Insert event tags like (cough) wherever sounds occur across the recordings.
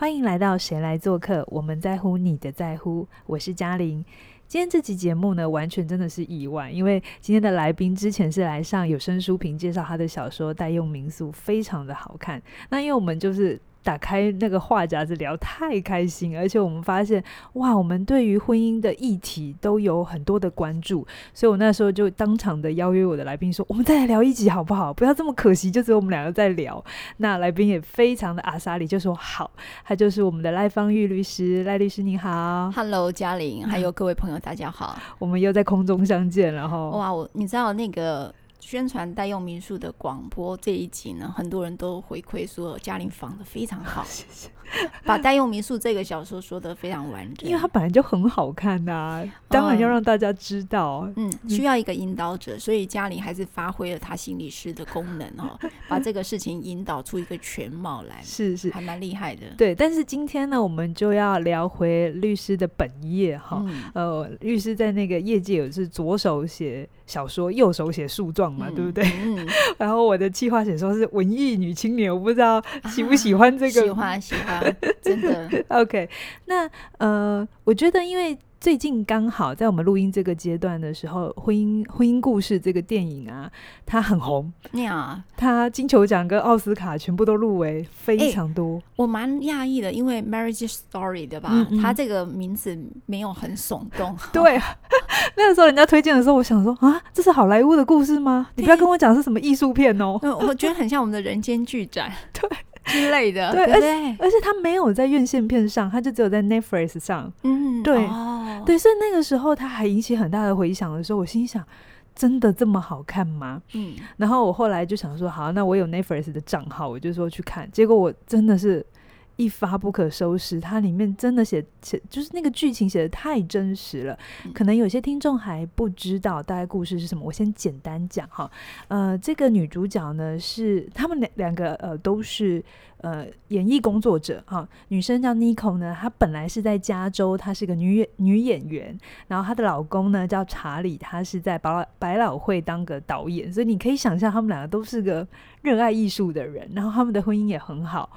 歡迎來到誰來做客，我們在乎你的在乎，我是嘉玲。今天這期節目呢，完全真的是意外，因為今天的來賓之前是來上有聲書評介紹他的小說《待用民宿》，非常的好看。那因為我們就是，打開那個話匣子聊太開心，而且我們發現哇，我們對於婚姻的議題都有很多的關注，所以我那時候就當場的邀約我的來賓說，我們再來聊一集好不好？不要這麼可惜，就只有我們兩個在聊。那來賓也非常的阿莎里就說好，他就是我們的賴芳玉律師，賴律師你好，Hello 嘉玲，還有各位朋友、嗯、大家好，我們又在空中相見。然後，哇，我你知道那個。宣傳帶用民宿的廣播這一集呢，很多人都回饋說嘉玲訪得非常好，謝謝。把代用民宿這個小說說得非常完整，因為它本來就很好看吶、啊，當然要讓大家知道嗯。嗯，需要一個引導者，所以嘉玲還是發揮了她心理師的功能哈、嗯，把這個事情引導出一個全貌來。是是，還蠻厲害的。對，但是今天呢，我們就要聊回律師的本業哈、哦嗯。呃，律師在那個業界有的是左手寫小說，右手寫訴狀嘛、嗯，對不對？嗯。 (laughs) 然後我的企劃寫說是文藝女青年，我不知道喜不喜歡這個。啊，喜歡喜歡。喜歡 (laughs) 真的 OK，那呃，我覺得因為最近剛好在我們錄音這個階段的時候，《婚姻婚姻故事》這個電影啊，它很紅啊、嗯，它金球獎跟奧斯卡全部都入圍，非常多。欸、我蠻訝異的，因為《Marriage Story》對、嗯、吧、嗯？它這個名字沒有很聳動、嗯哦。對，那個時候人家推薦的時候，我想說啊，這是好萊塢的故事嗎？你不要跟我講是什麼藝術片哦。我覺得很像我們的人間劇展。 (laughs) 對。之類的，對，而且對對而且它沒有在院線片上，它就只有在 Netflix 上。嗯，對、哦，對，所以那個時候它還引起很大的回響的時候，我心想：真的這麼好看嗎？嗯，然後我後來就想說，好，那我有 Netflix 的賬號，我就說去看，結果我真的是。一發不可收拾，它裡面真的寫寫就是那個劇情寫的太真實了。可能有些聽眾還不知道大概故事是什麼，我先簡單講哈。呃，這個女主角呢是他們兩兩個呃都是呃演藝工作者哈、呃。女生叫 Nicole 呢，她本來是在加州，她是個女演女演員。然後她的老公呢叫查理，他是在百老百老匯當個導演，所以你可以想象他們兩個都是個熱愛藝術的人，然後他們的婚姻也很好。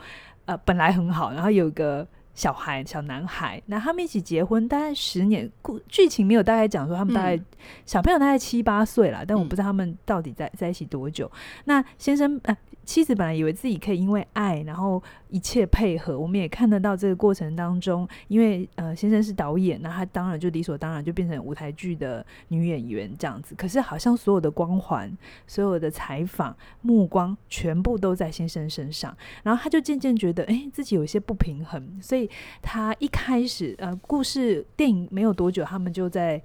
呃，本來很好，然後有個小孩，小男孩，那他們一起結婚，大概十年，故劇情沒有大概講說他們大概、嗯、小朋友大概七八歲了，但我不知道他們到底在在一起多久。嗯、那先生，哎、呃。妻子本來以為自己可以因為愛，然後一切配合。我們也看得到這個過程當中，因為呃，先生是導演，那他當然就理所當然就變成舞台劇的女演員這樣子。可是好像所有的光環、所有的採訪目光，全部都在先生身上。然後他就漸漸覺得，誒，欸，自己有些不平衡。所以他一開始，呃，故事電影沒有多久，他們就在。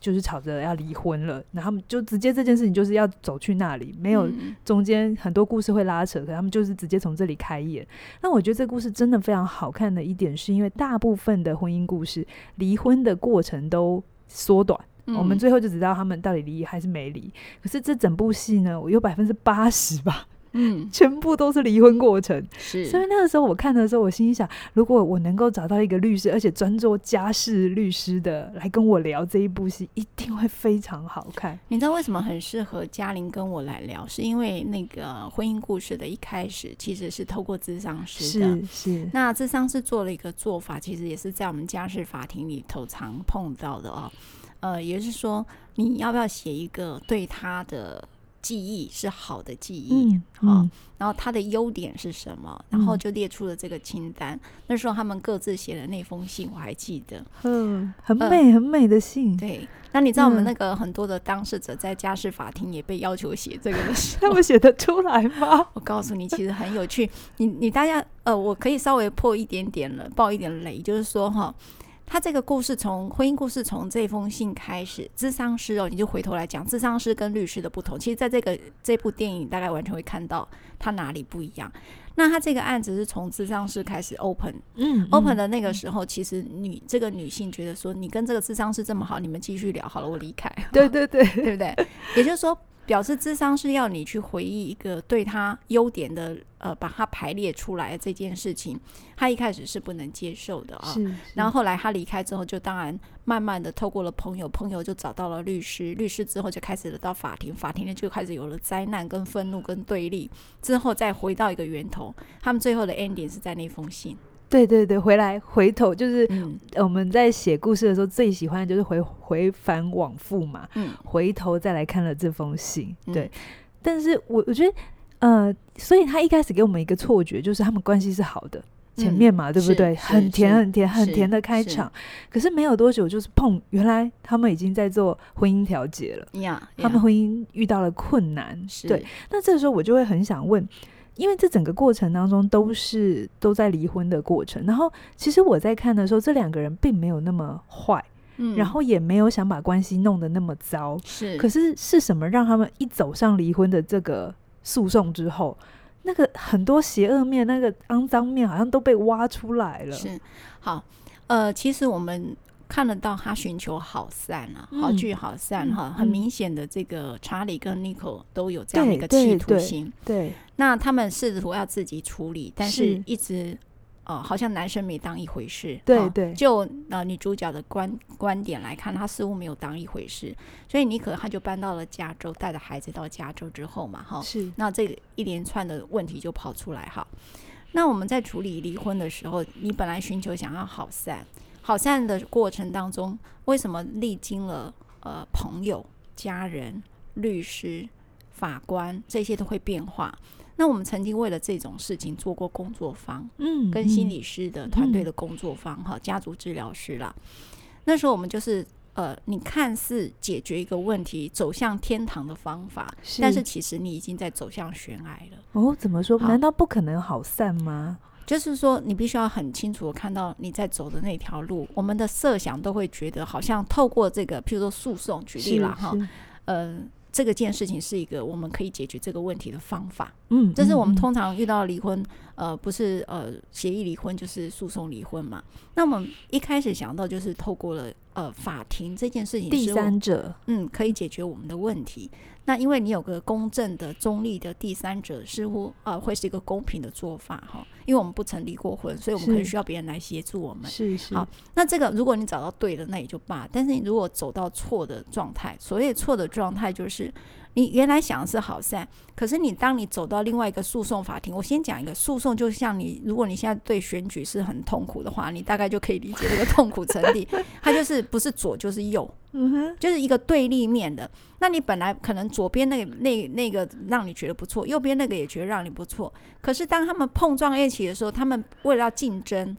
就是吵着要離婚了，那他們就直接這件事情就是要走去那裡，沒有中間很多故事會拉扯，可他們就是直接從這裡開演。那我覺得這個故事真的非常好看的一點，是因為大部分的婚姻故事離婚的過程都縮短、嗯，我們最後就知道他們到底離還是沒離。可是這整部戲呢，我有百分之八十吧。嗯，全部都是離婚過程，是。所以那個時候我看的時候，我心裡想，如果我能夠找到一個律師，而且專做家事律師的來跟我聊這一部戲，一定會非常好看。你知道為什麼很適合嘉玲跟我來聊是因為那個婚姻故事的一開始其實是透過諮商師的，是。是那諮商師做了一個做法，其實也是在我們家事法庭裡頭常碰到的哦。呃，也就是說，你要不要寫一個對他的？記憶是好的記憶，好、嗯嗯，然後他的優點是什麼，嗯？然後就列出了這個清單。那時候他們各自寫的那封信，我還記得，嗯，很美、嗯、很美的信。對，那你知道我們那個很多的當事者在家事法庭也被要求寫這個的時候，的、嗯、 (laughs) 那不寫得出來嗎？ (laughs) 我告訴你，其實很有趣。你你大家呃，我可以稍微破一點點了，爆一點雷，就是說哈。他這個故事從婚姻故事從這封信開始，諮商師哦，你就回頭來講諮商師跟律師的不同。其實，在這個這部電影大概完全會看到他哪裡不一樣。那他這個案子是從諮商師開始 open，嗯，open 的那個時候，嗯、其實女、嗯、這個女性覺得說，你跟這個諮商師這麼好，你們繼續聊好了，我離開。啊、對對對，對不對？也就是說。表示諮商，是要你去回憶一個對他優點的，呃，把他排列出來的這件事情，他一開始是不能接受的啊。然後後來他離開之後，就當然慢慢的透過了朋友，朋友就找到了律師，律師之後就開始了到法庭，法庭呢就開始有了災難、跟憤怒、跟對立，之後再回到一個源頭，他們最後的 ending 是在那封信。對對對，回來回頭就是，嗯呃、我們在寫故事的時候，最喜歡的就是回回返往復嘛。嗯，回頭再來看了這封信，對。嗯、但是我我覺得，呃，所以他一開始給我們一個錯覺，就是他們關係是好的，前面嘛，嗯、對不對？很甜很甜很甜，很甜的開場，可是沒有多久就是碰，原來他們已經在做婚姻調解了 yeah, yeah. 他們婚姻遇到了困難，對。那這個時候我就會很想問。因為這整個過程當中都是都在離婚的過程，然後其實我在看的時候，這兩個人並沒有那麼壞，嗯，然後也沒有想把關係弄得那麼糟，是。可是是什麼讓他們一走上離婚的這個訴訟之後，那個很多邪惡面、那個骯髒面好像都被挖出來了。是，好，呃，其實我們。看得到他尋求好散啊，好聚好散哈、啊嗯，很明顯的這個查理跟妮可都有這樣的一個企圖心。對，對對對，那他們試圖要自己處理，但是一直，哦、呃，好像男生沒當一回事。對對、啊，就呃女主角的觀觀點來看，他似乎沒有當一回事，所以妮可她就搬到了加州，帶着孩子到加州之後嘛，哈，是，那這一連串的問題就跑出來哈。那我們在處理離婚的時候，你本來尋求想要好散。好散的過程當中，為什麼歷經了呃朋友、家人、律師、法官這些都會變化？那我們曾經為了這種事情做過工作坊，嗯，跟心理師的團隊的工作坊哈、嗯嗯，家族治療師啦。那時候我們就是呃，你看似解決一個問題、走向天堂的方法，是。但是其實你已經在走向懸崖了。哦，怎麼說？難道不可能好散嗎？就是說，你必須要很清楚的看到你在走的那條路。我們的設想都會覺得，好像透過這個，譬如說訴訟，舉例了哈，嗯、呃，這個件事情是一個我們可以解決這個問題的方法。嗯，這、就是我們通常遇到離婚，呃，不是呃協議離婚就是訴訟離婚嘛。那麼一開始想到就是透過了。呃、法庭這件事情，第三者，嗯，可以解決我們的問題。那因為你有個公正的、中立的第三者，似乎啊、呃，會是一個公平的做法哈、哦。因為我們不曾離過婚，所以我們可能需要別人來協助我們。是是。好，那這個如果你找到對的，那也就罷。但是你如果走到錯的狀態，所謂錯的狀態就是。你原來想的是好散，可是你當你走到另外一個訴訟法庭，我先講一個訴訟，就像你，如果你現在對選舉是很痛苦的話，你大概就可以理解這個痛苦程度，它就是不是左就是右， (laughs) 就是一個對立面的。那你本來可能左邊那個那那個讓你覺得不錯，右邊那個也覺得讓你不錯，可是當他們碰撞在一起的時候，他們為了要競爭。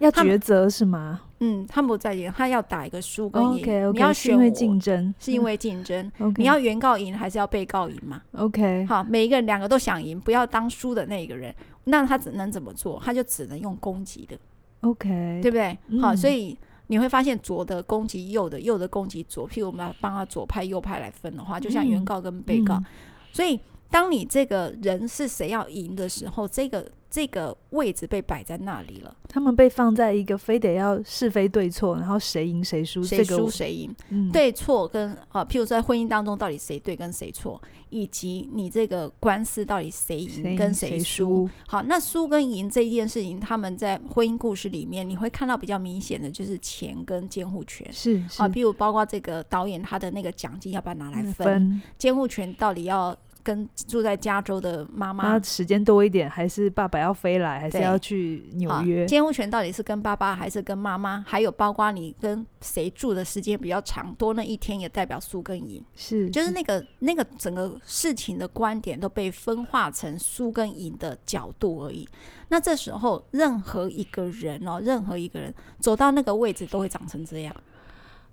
要抉擇是嗎？嗯，他不在意，他要打一個輸跟贏。Okay, okay, 你要學會競爭是因為競爭。爭嗯、okay, 你要原告贏還是要被告贏嘛？OK，好，每一個人兩個都想贏，不要當輸的那個人。那他只能怎麼做？他就只能用攻擊的。OK，對不對，嗯？好，所以你會發現左的攻擊，右的右的攻擊左。譬如我們要幫他左派右派來分的話，就像原告跟被告。嗯嗯、所以當你這個人是誰要贏的時候，這個。這個位置被擺在那裡了，他們被放在一個非得要是非對錯，然後誰贏誰輸，誰輸誰贏，對錯跟啊，譬如說在婚姻當中到底誰對跟誰錯，以及你這個官司到底誰贏跟誰輸。好，那輸跟贏這一件事情，他們在婚姻故事裡面你會看到比較明顯的就是錢跟監護權。是啊，譬如包括這個導演他的那個獎金要不要拿來分，監護權到底要。跟住在加州的媽媽時間多一點，還是爸爸要飛來，還是要去紐約？監護權到底是跟爸爸還是跟媽媽？還有包括你跟誰住的時間比較長，多那一天也代表輸跟贏。是，就是那個是那個整個事情的觀點都被分化成輸跟贏的角度而已。那這時候，任何一個人哦，任何一個人走到那個位置，都會長成這樣。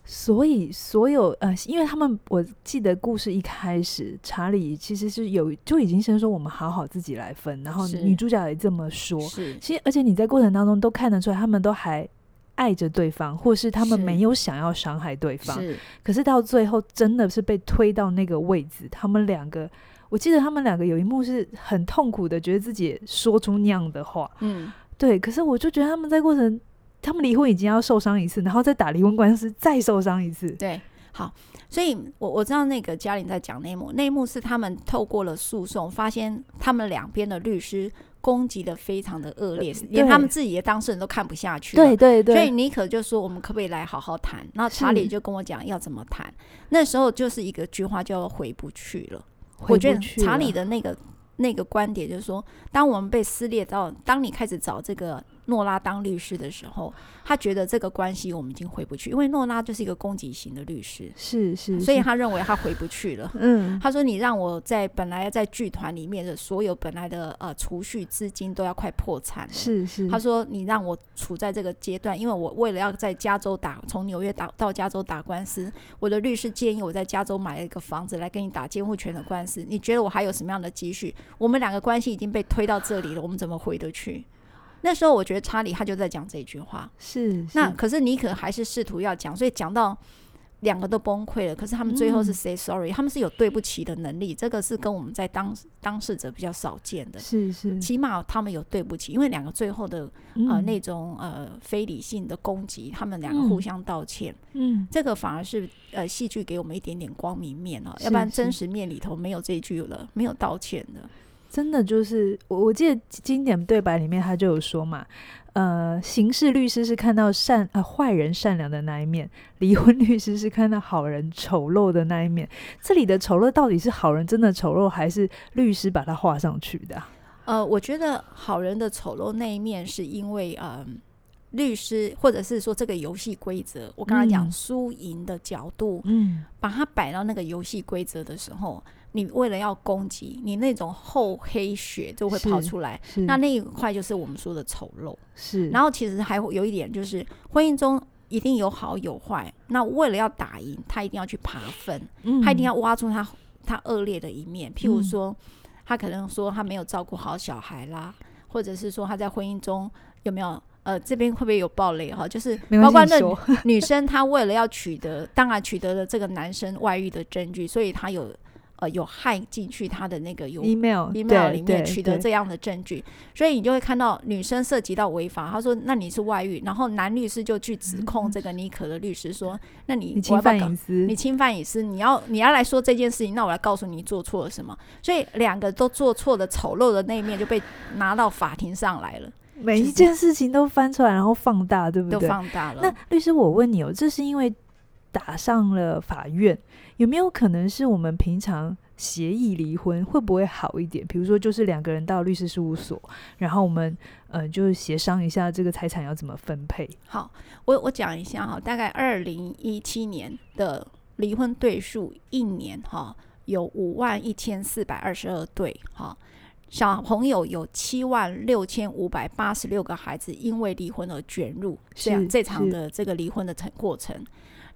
所以，所有呃，因為他們，我記得故事一開始，查理其實是有就已經先說我們好好自己來分，然後女主角也這麼說。是，其實而且你在過程當中都看得出來，他們都還愛着對方，或是他們沒有想要傷害對方。是，可是到最後真的是被推到那個位置，他們兩個，我記得他們兩個有一幕是很痛苦的，覺得自己說出那樣的話。嗯，對。可是我就覺得他們在過程。他們離婚已經要受傷一次，然後再打離婚官司再受傷一次。對，好，所以我，我我知道那個嘉玲在講內幕，內幕是他們透過了訴訟，發現他們兩邊的律師攻擊得非常的惡劣，連他們自己的當事人都看不下去了。對，對對對。所以妮可就說：“我們可不可以來好好談？”然後查理就跟我講要怎麼談。那時候就是一個句話叫回不去了。我覺得查理的那個那個觀點就是說，當我們被撕裂到，當你開始找這個。諾拉當律師的時候，他覺得這個關係我們已經回不去，因為諾拉就是一個攻擊型的律師，是是，是，所以他認為他回不去了。 (laughs) 嗯，他說：“你讓我在本來在劇團裡面的所有本來的呃儲蓄資金都要快破產。”是是，他說：“你讓我處在這個階段，因為我為了要在加州打從紐約打到加州打官司，我的律師建議我在加州買一個房子來跟你打監護權的官司。你覺得我還有什麼樣的積蓄？我們兩個關係已經被推到這裡了，我們怎麼回得去？”那時候我覺得查理他就在講這句話，是，是。那可是妮可還是試圖要講，所以講到兩個都崩潰了。可是他們最後是 say sorry、嗯、他們是有對不起的能力，這個是跟我們在當當事者比較少見的。是是，起碼他們有對不起，因為兩個最後的、嗯、呃那種呃非理性的攻擊，他們兩個互相道歉。嗯，這個反而是呃戲劇給我們一點點光明面啊，是是，要不然真實面裡頭沒有這一句了，沒有道歉的。真的就是，我我記得經典對白裡面他就有說嘛，呃，刑事律師是看到善呃，壞人善良的那一面，離婚律師是看到好人醜陋的那一面。這裡的醜陋到底是好人真的醜陋，還是律師把它畫上去的？呃，我覺得好人的醜陋那一面是因為，嗯、呃，律師或者是說這個遊戲規則，我剛才講輸贏的角度，嗯，把它擺到那個遊戲規則的時候。你為了要攻擊，你那種厚黑血就會跑出來，那那一塊就是我們說的醜陋。是，然後其實還有一點就是，婚姻中一定有好有壞。那為了要打贏，他一定要去爬分，嗯、他一定要挖出他他惡劣的一面。譬如說，嗯、他可能說他沒有照顧好小孩啦，或者是說他在婚姻中有沒有呃這邊會不會有爆雷哈？就是沒關係，包括那女生她為了要取得， (laughs) 當然取得了這個男生外遇的證據，所以她有。呃，有害進去他的那個有 email 裡面取得這樣的證據，所以你就會看到女生涉及到違法，他說那你是外遇，然後男律師就去指控這個妮可的律師說，嗯、那你，你侵犯隱私要要，你侵犯隱私，你要你要來說這件事情，那我來告訴你做錯了什麼，所以兩個都做錯了醜陋的那一面就被拿到法庭上來了，每一件事情都翻出來 (laughs) 然後放大，對不對？都放大了。那律師，我問你哦，這是因為。打上了法院，有沒有可能是我們平常協議離婚會不會好一點？比如說，就是兩個人到律師事務所，然後我們嗯、呃，就是協商一下這個財產要怎麼分配。好，我我講一下哈，大概二零一七年的離婚對數，一年哈有五萬一千四百二十二對哈，小朋友有七萬六千五百八十六個孩子因為離婚而卷入是這樣這場的這個離婚的過程。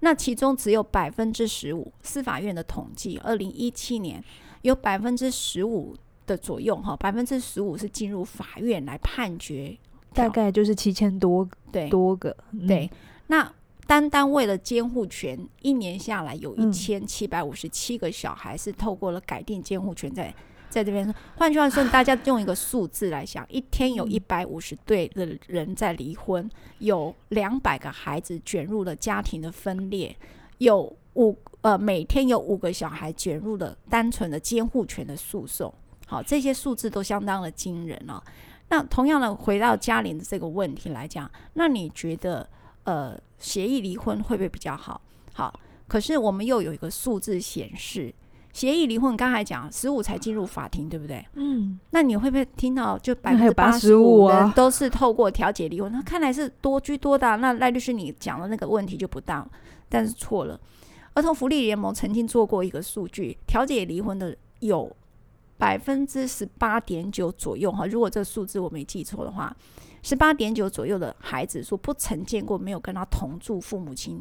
那其中只有百分之十五，司法院的統計，二零一七年有百分之十五的左右，哈，百分之十五是進入法院來判決，大概就是七千多對多個、嗯、對。那單單為了監護權，一年下來有一千七百五十七個小孩是透過了改定監護權在。在這邊，換句話說，大家用一個數字來想，一天有一百五十對的人在離婚，有兩百個孩子卷入了家庭的分裂，有五呃每天有五個小孩卷入了單純的監護權的訴訟。好，這些數字都相當的驚人了、哦。那同樣的，回到嘉玲的這個問題來講，那你覺得呃協議離婚會不會比較好？好，可是我們又有一個數字顯示。協議離婚，你剛才講十五才進入法庭，對不對？嗯。那你會不會聽到就百分之八十五的人都是透過調解離婚，嗯啊、婚？那看來是多居多大？那賴律師，你講的那個問題就不大，但是錯了。兒童福利聯盟曾經做過一個數據，調解離婚的有百分之十八點九左右。哈，如果這個數字我沒記錯的話，十八點九左右的孩子說不曾見過沒有跟他同住父母親。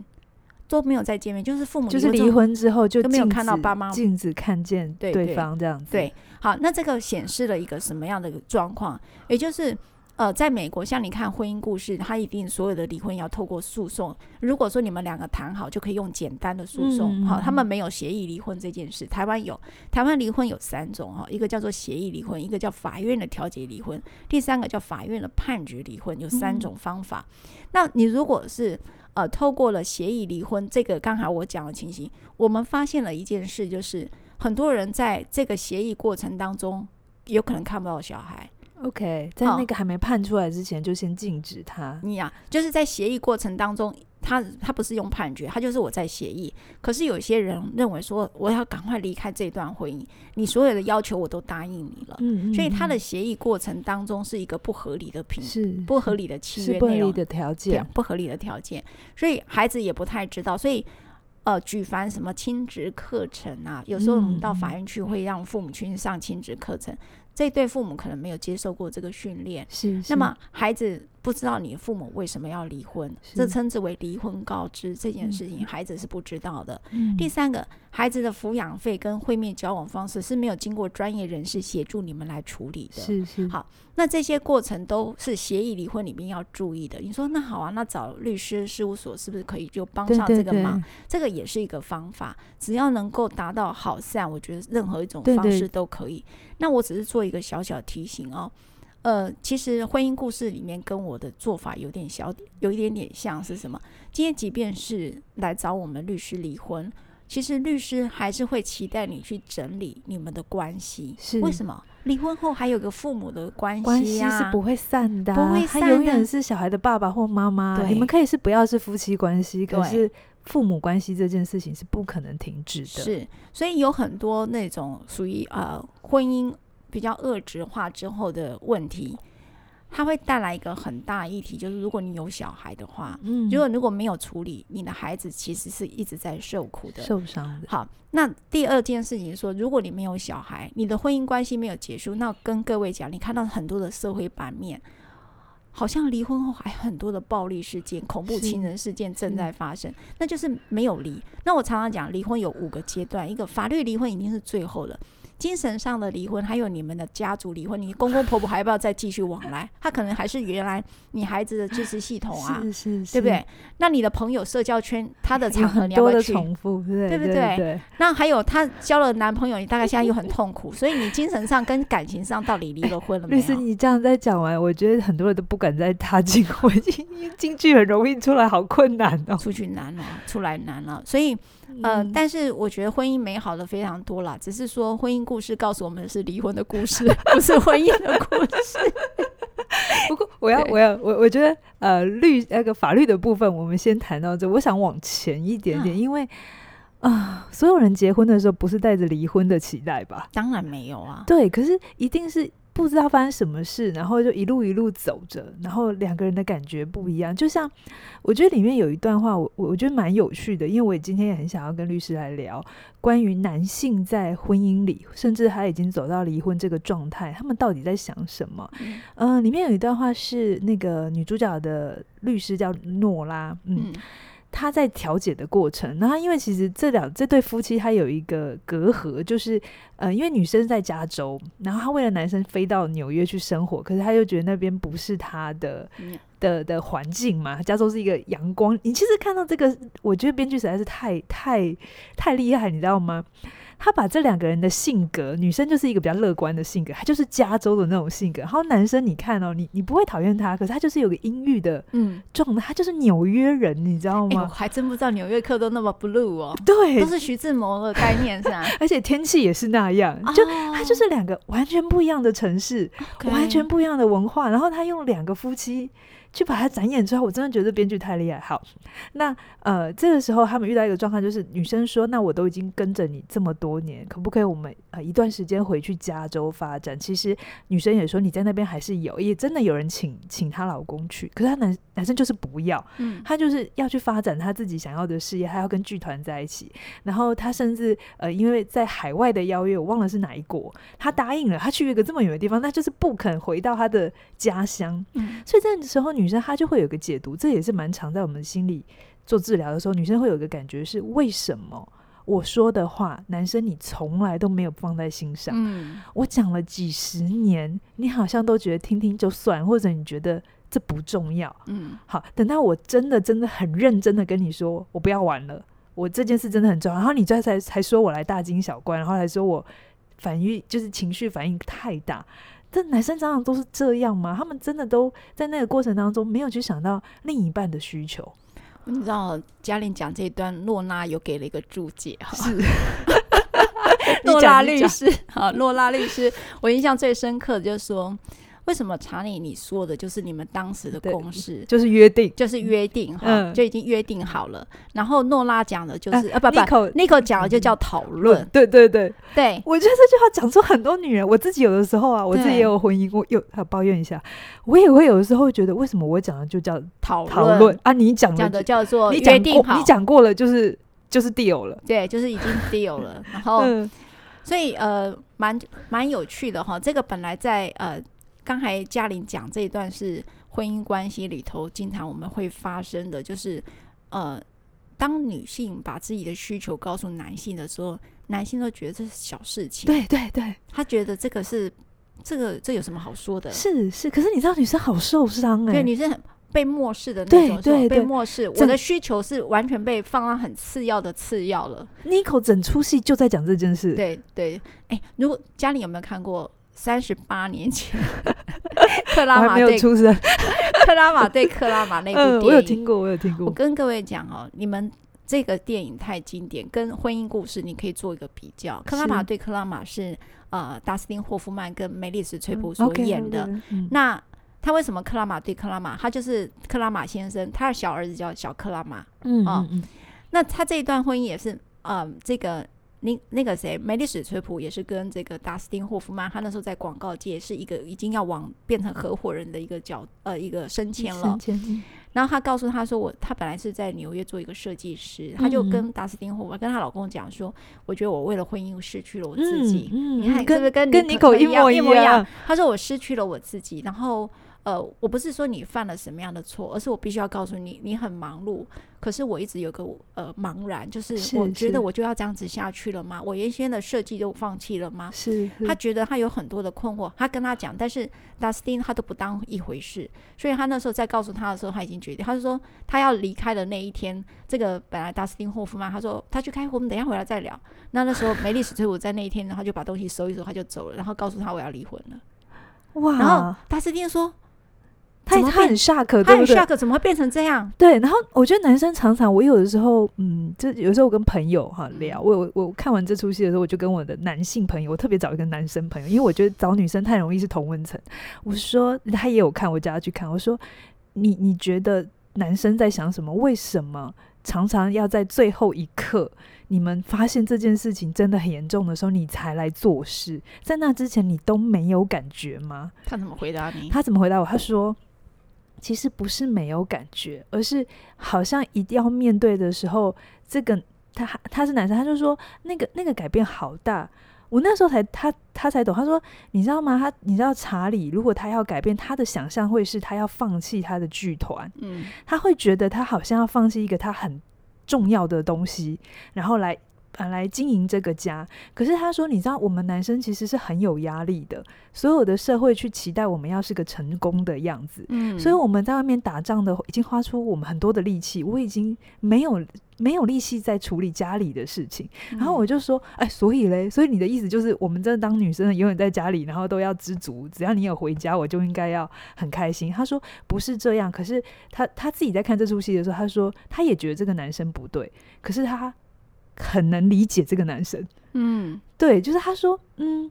都沒有再見面，就是父母就是離婚之後就沒有看到爸媽，禁止看見對方這樣子。對，對，對，好，那這個顯示了一個什麼樣的狀況？也就是，呃，在美國，像你看《婚姻故事》，他一定所有的離婚要透過訴訟。如果說你們兩個談好，就可以用簡單的訴訟。好、嗯哦，他們沒有協議離婚這件事。台灣有，台灣離婚有三種哈，一個叫做協議離婚，一個叫法院的調解離婚，第三個叫法院的判決離婚，有三種方法。嗯、那你如果是。呃，透過了協議離婚這個，剛才我講的情形，我們發現了一件事，就是很多人在這個協議過程當中，有可能看不到小孩。OK，在那個還沒判出來之前，就先禁止他。Oh, 你呀、啊，就是在協議過程當中，他他不是用判決，他就是我在協議。可是有些人認為說，我要趕快離開這段婚姻，你所有的要求我都答應你了。Mm -hmm. 所以他的協議過程當中是一個不合理的評，是不合理的契約，不合理的條件、不合理的條件。所以孩子也不太知道。所以呃，舉凡什麼親職課程啊？有時候我們到法院去，會讓父母親上親職課程。Mm -hmm. 這一對父母可能沒有接受過這個訓練，是，是。那麼孩子，不知道你父母為什麼要離婚，這稱之為離婚告知這件事情，孩子是不知道的。嗯，第三個，孩子的撫養費跟會面交往方式是沒有經過專業人士協助你們來處理的。是是。好，那這些過程都是協議離婚裡面要注意的。你說那好啊，那找律師事務所是不是可以就幫上這個忙？對對對。這個也是一個方法，只要能夠達到好散，我覺得任何一種方式都可以。對對。那我只是做一個小小提醒哦。呃，其實婚姻故事裡面跟我的做法有點小，有一點點像是什麼？今天即便是來找我們律師離婚，其實律師還是會期待你去整理你們的關係。是。為什麼？離婚後還有個父母的關係，啊，關係是不會散的，啊，不會散的。他永遠是小孩的爸爸或媽媽。對。你們可以是不要是夫妻關係，可是父母關係這件事情是不可能停止的。是，所以有很多那種屬於呃婚姻。比較惡質化之後的問題，它會帶來一個很大議題，就是如果你有小孩的話，嗯，如果如果沒有處理，你的孩子其實是一直在受苦的、受傷的。好，那第二件事情是說，如果你沒有小孩，你的婚姻關係沒有結束，那跟各位講，你看到很多的社會版面，好像離婚後還有很多的暴力事件、恐怖情人事件正在發生，那就是沒有離。那我常常講，離婚有五個階段，一個法律離婚已經是最後了。精神上的離婚，還有你們的家族離婚，你公公婆婆，婆還要不要再繼續往來？他可能還是原來你孩子的支持系統啊， (laughs) 是是是對不對？那你的朋友社交圈，他的場合你要不要去，很多的重複，對，對不對，對，對，對？那還有他交了男朋友，你大概現在又很痛苦， (laughs) 所以你精神上跟感情上到底離了婚了嗎？哎、律師你這樣再講完，我覺得很多人都不敢再踏進婚姻，因為進去很容易，出來好困難哦，出去難了，出來難了，所以、呃，嗯，但是我覺得婚姻美好的非常多了，只是說婚姻。故事告訴我們是離婚的故事， (laughs) 不是婚姻的故事。 (laughs) 不過，我要，我要，我我覺得，呃，律那個法律的部分，我們先談到這。我想往前一點點，因為啊、呃，所有人結婚的時候不是帶着離婚的期待吧？當然沒有啊。對，可是一定是。不知道發生什麼事，然後就一路一路走着，然後兩個人的感覺不一樣。就像我覺得裡面有一段話，我我覺得蠻有趣的，因為我也今天也很想要跟律師來聊關於男性在婚姻裡，甚至他已經走到離婚這個狀態，他們到底在想什麼？嗯，呃，裡面有一段話是那個女主角的律師叫諾拉，嗯。嗯他在調解的過程，然後因為其實這兩這對夫妻他有一個隔閡，就是呃，因為女生在加州，然後他為了男生飛到紐約去生活，可是他又覺得那邊不是他的的的環境嘛，加州是一個陽光，你其實看到這個，我覺得編劇實在是太太太厲害，你知道嗎？他把這兩個人的性格，女生就是一個比較樂觀的性格，他就是加州的那種性格。然後男生，你看哦，你你不會討厭他，可是他就是有個陰鬱的，嗯，狀態，他就是紐約人，你知道嗎？欸、我還真不知道紐約客都那麼 blue 哦，對，都是徐志摩的概念是吧？ (laughs) 而且天氣也是那樣，就、oh. 他就是兩個完全不一樣的城市，okay. 完全不一樣的文化。然後他用兩個夫妻。去把它展演之後，我真的覺得編劇太厲害。好，那呃，這個時候他們遇到一個狀況，就是女生說：“那我都已經跟着你這麼多年，可不可以我們、呃、一段時間回去加州發展？”其實女生也說：“你在那邊還是有，也真的有人請請她老公去。”可是她男男生就是不要，嗯，他就是要去發展他自己想要的事業，她要跟劇團在一起。然後他甚至呃，因為在海外的邀約，我忘了是哪一國，他答應了，他去一個這麼遠的地方，那就是不肯回到他的家鄉。嗯，所以這個時候女生她就會有個解讀，這也是蠻常在我們心理做治療的時候，女生會有個感覺是：為什麼我說的話，男生你從來都沒有放在心上？嗯，我講了幾十年，你好像都覺得聽聽就算，或者你覺得這不重要。嗯，好，等到我真的真的很認真的跟你說，我不要玩了，我這件事真的很重要，然後你就才才說我來大驚小怪，然後還說我反應就是情緒反應太大。但男生常常都是這樣嗎？他們真的都在那個過程當中沒有去想到另一半的需求？你知道嘉玲講這一段，諾拉有給了一個注解哈。諾 (laughs) (laughs) 你講 (laughs) 拉律師，好，諾拉律師， (laughs) 我印象最深刻的就是說。為什麼查理你說的就是你們當時的公式，就是約定，就是約定、嗯、哈，就已經約定好了。嗯、然後諾拉講的，就是呃、啊啊，不，不 Nico 講的就叫討論、嗯嗯，對對對對。我覺得這句話講出很多女人，我自己有的時候啊，我自己也有婚姻過，我又抱怨一下，我也會有的時候覺得，為什麼我講的就叫討論？啊，你講的，的叫做約定，你講過了就是就是 deal 了，對，就是已經 deal 了。 (laughs) 然後，嗯、所以呃，蠻蠻有趣的哈，這個本來在呃。剛才嘉玲講這一段，是婚姻關係裡頭經常我們會發生的，就是呃，當女性把自己的需求告訴男性的時候，男性都覺得這是小事情。對對對，他覺得這個是，這個，這有什麼好說的？是是，可是你知道，女生好受傷哎、欸，對，女生很被漠視的那種，對對對，被漠視，我的需求是完全被放到很次要的次要了。Nicole 整出戲就在講這件事。對對、欸，如果嘉玲有沒有看過？三十八年前， (laughs) 克拉瑪對，我還沒有出生， (laughs) 克拉瑪對克拉瑪那部電影， (laughs) 嗯，我有聽過，我有聽過。我跟各位講哦，你們這個電影太經典，跟婚姻故事你可以做一個比較。克拉瑪對克拉瑪是呃，達斯汀霍夫曼跟梅莉史翠普所演的。嗯，okay, 那他為什麼克拉瑪對克拉瑪？他就是克拉瑪先生，他的小兒子叫小克拉瑪，呃。嗯嗯嗯，那他這一段婚姻也是啊，呃，這個。那那個誰，梅莉史翠普也是跟這個達斯汀霍夫曼，他那時候在廣告界是一個已經要往變成合夥人的一個角、嗯、呃一個升遷了。 (laughs) 然後他告訴他說我，我他本來是在紐約做一個設計師，他就跟達斯汀霍夫曼跟他老公講說，我覺得我為了婚姻失去了我自己。嗯嗯、你看跟是不是跟妮可一模一,一模一樣？他說我失去了我自己，然後。呃，我不是說你犯了什麼樣的錯，而是我必須要告訴你，你很忙碌，可是我一直有個呃茫然，就是我覺得我就要這樣子下去了嗎？我原先的設計都放棄了嗎？是、是，他覺得他有很多的困惑，他跟他講，但是達斯汀他都不當一回事，所以他那時候在告訴他的時候，他已經決定，他就說他要離開的那一天，這個本來達斯汀霍夫曼，他說他去開會，我們等一下回來再聊。那那時候梅莉史翠普在那一天，然後就把東西收一收，他就走了，然後告訴他我要離婚了。哇！然後達斯汀說。他，他很下課，他很下課，怎麼會變成這樣？對，然後我覺得男生常常，我有的時候，嗯，就有時候我跟朋友哈聊，我我，我看完這齣戲的時候，我就跟我的男性朋友，我特別找一個男生朋友，因為我覺得找女生太容易是同溫層。我說，他也有看，我叫他去看。我說，你你覺得男生在想什麼？為什麼常常要在最後一刻，你們發現這件事情真的很嚴重的時候，你才來做事？在那之前，你都沒有感覺嗎？他怎麼回答你？他怎麼回答我？他說。其實不是沒有感覺，而是好像一定要面對的時候，這個他他是男生，他就說那個那個改變好大，我那時候才他他才懂，他說你知道嗎？他你知道查理如果他要改變，他的想象會是他要放棄他的劇團，嗯，他會覺得他好像要放棄一個他很重要的東西，然後來。想來經營這個家。可是他說，你知道，我們男生其實是很有壓力的。所有的社會去期待我們要是個成功的樣子，嗯、所以我們在外面打仗的，已經花出我們很多的力氣。我已經沒有沒有力氣在處理家裡的事情、嗯。然後我就說，哎，所以嘞，所以你的意思就是，我們真的當女生的，永遠在家裡，然後都要知足，只要你有回家，我就應該要很開心。他說不是這樣，可是他他自己在看這出戲的時候，他說他也覺得這個男生不對，可是他。很能理解這個男生，嗯，對，就是他說，嗯，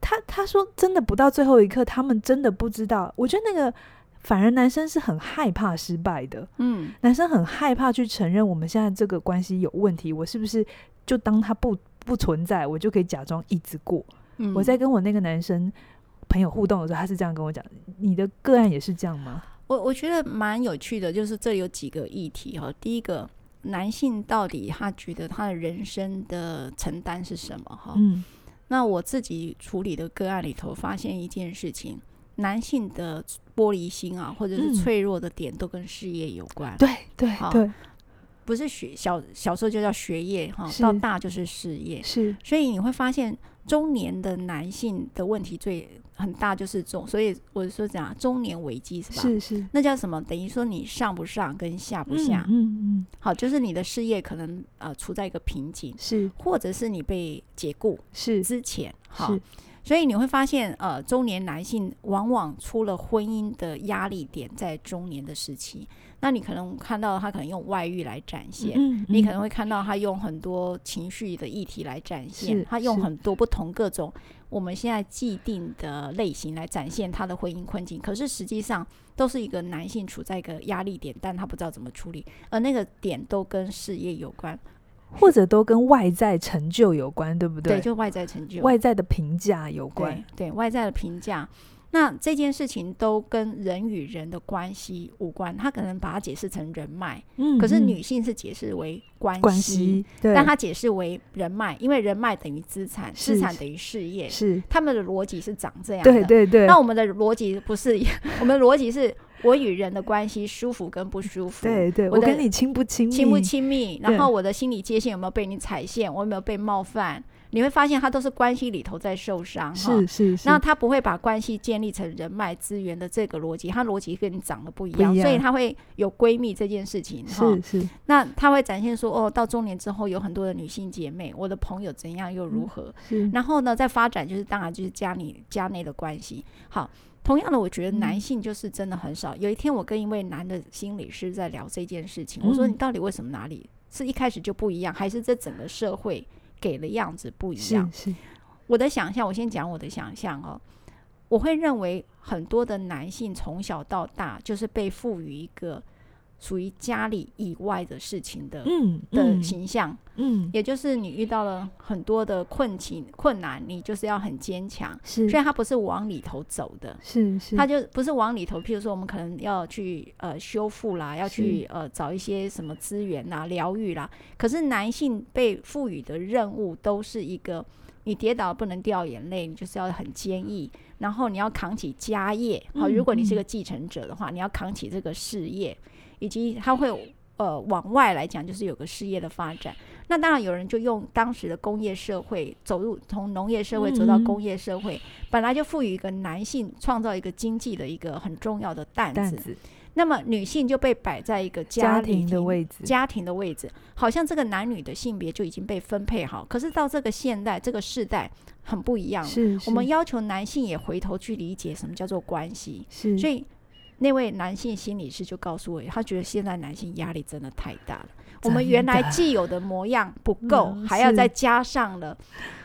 他他說真的不到最後一刻，他們真的不知道。我覺得那個反而男生是很害怕失敗的，嗯，男生很害怕去承認我們現在這個關係有問題，我是不是就當他不不存在，我就可以假裝一直過。嗯，我在跟我那個男生朋友互動的時候，他是這樣跟我講：“你的個案也是這樣嗎？”我我覺得蠻有趣的，就是這有幾個議題哈，哦，第一個。男性到底他覺得他的人生的承擔是什麼？哈、嗯，那我自己處理的個案裡頭發現一件事情：男性的玻璃心啊，或者是脆弱的點，都跟事業有關。嗯、對對對，不是學小小時候就叫學業哈，到大就是事業。是，所以你會發現。中年的男性的問題最很大，就是這種，所以我是說講中年危機是吧？是是，那叫什麼？等於說你上不上跟下不下，嗯嗯，嗯，好，就是你的事業可能呃處在一個瓶頸，是，或者是你被解雇是之前，好，所以你會發現呃，中年男性往往出了婚姻的壓力點，在中年的時期。那你可能看到他可能用外遇來展現、嗯嗯，你可能會看到他用很多情緒的議題來展現，他用很多不同各種我們現在既定的類型來展現他的婚姻困境。可是實際上都是一個男性處在一個壓力點，但他不知道怎麼處理，而那個點都跟事業有關，或者都跟外在成就有關，對不對？對，就外在成就、外在的評價有關，對，對，外在的評價。那這件事情都跟人與人的關係無關，他可能把它解釋成人脈，嗯嗯，可是女性是解釋為關係，對，但他解釋為人脈，因為人脈等於資產，資產等於事業，是他們的邏輯是長這樣的，對對對。那我們的邏輯不是， (laughs) 我們的邏輯是我與人的關係舒服跟不舒服，對對、對，我親不親密，我跟你親不親密，親不親密，然後我的心理界限有沒有被你踩線，我有沒有被冒犯？你會發現，他都是關係裡頭在受傷，是是，是。那他不會把關係建立成人脈資源的這個邏輯，他邏輯跟你長得不一，不一樣，所以他會有閨蜜這件事情。是是。那他會展現說，哦，到中年之後，有很多的女性姐妹，我的朋友怎樣又如何？嗯、然後呢，再發展就是當然就是家裡家內的關係。好，同樣的，我覺得男性就是真的很少。嗯、有一天，我跟一位男的心理師在聊這件事情，我說你到底為什麼哪裡是一開始就不一樣，還是這整個社會？給的樣子不一樣。我的想象，我先講我的想象哦。我會認為很多的男性從小到大就是被賦予一個屬於家裡以外的事情的、嗯嗯，的形象，嗯，也就是你遇到了很多的困境、困難，你就是要很堅強。雖然他它不是往裡頭走的，是是，它就不是往裡頭。譬如說，我們可能要去呃修復啦，要去呃找一些什麼資源啦、療癒啦。可是男性被賦予的任務都是一個，你跌倒不能掉眼淚，你就是要很堅毅，然後你要扛起家業。嗯、好，如果你是個繼承者的話、嗯，你要扛起這個事業。以及他會呃往外來講，就是有個事業的發展。那當然有人就用當時的工業社會走入，從農業社會走到工業社會，嗯，本來就賦予一個男性創造一個經濟的一個很重要的擔子，擔子，那麼女性就被擺在一個家，家庭，家庭的位置，家庭的位置，好像這個男女的性別就已經被分配好。可是到這個現代這個時代很不一樣了，是是，我們要求男性也回頭去理解什麼叫做關係，是。所以。那位男性心理師就告訴我，他覺得現在男性壓力真的太大了。我們原來既有的模樣不夠，嗯，還要再加上了，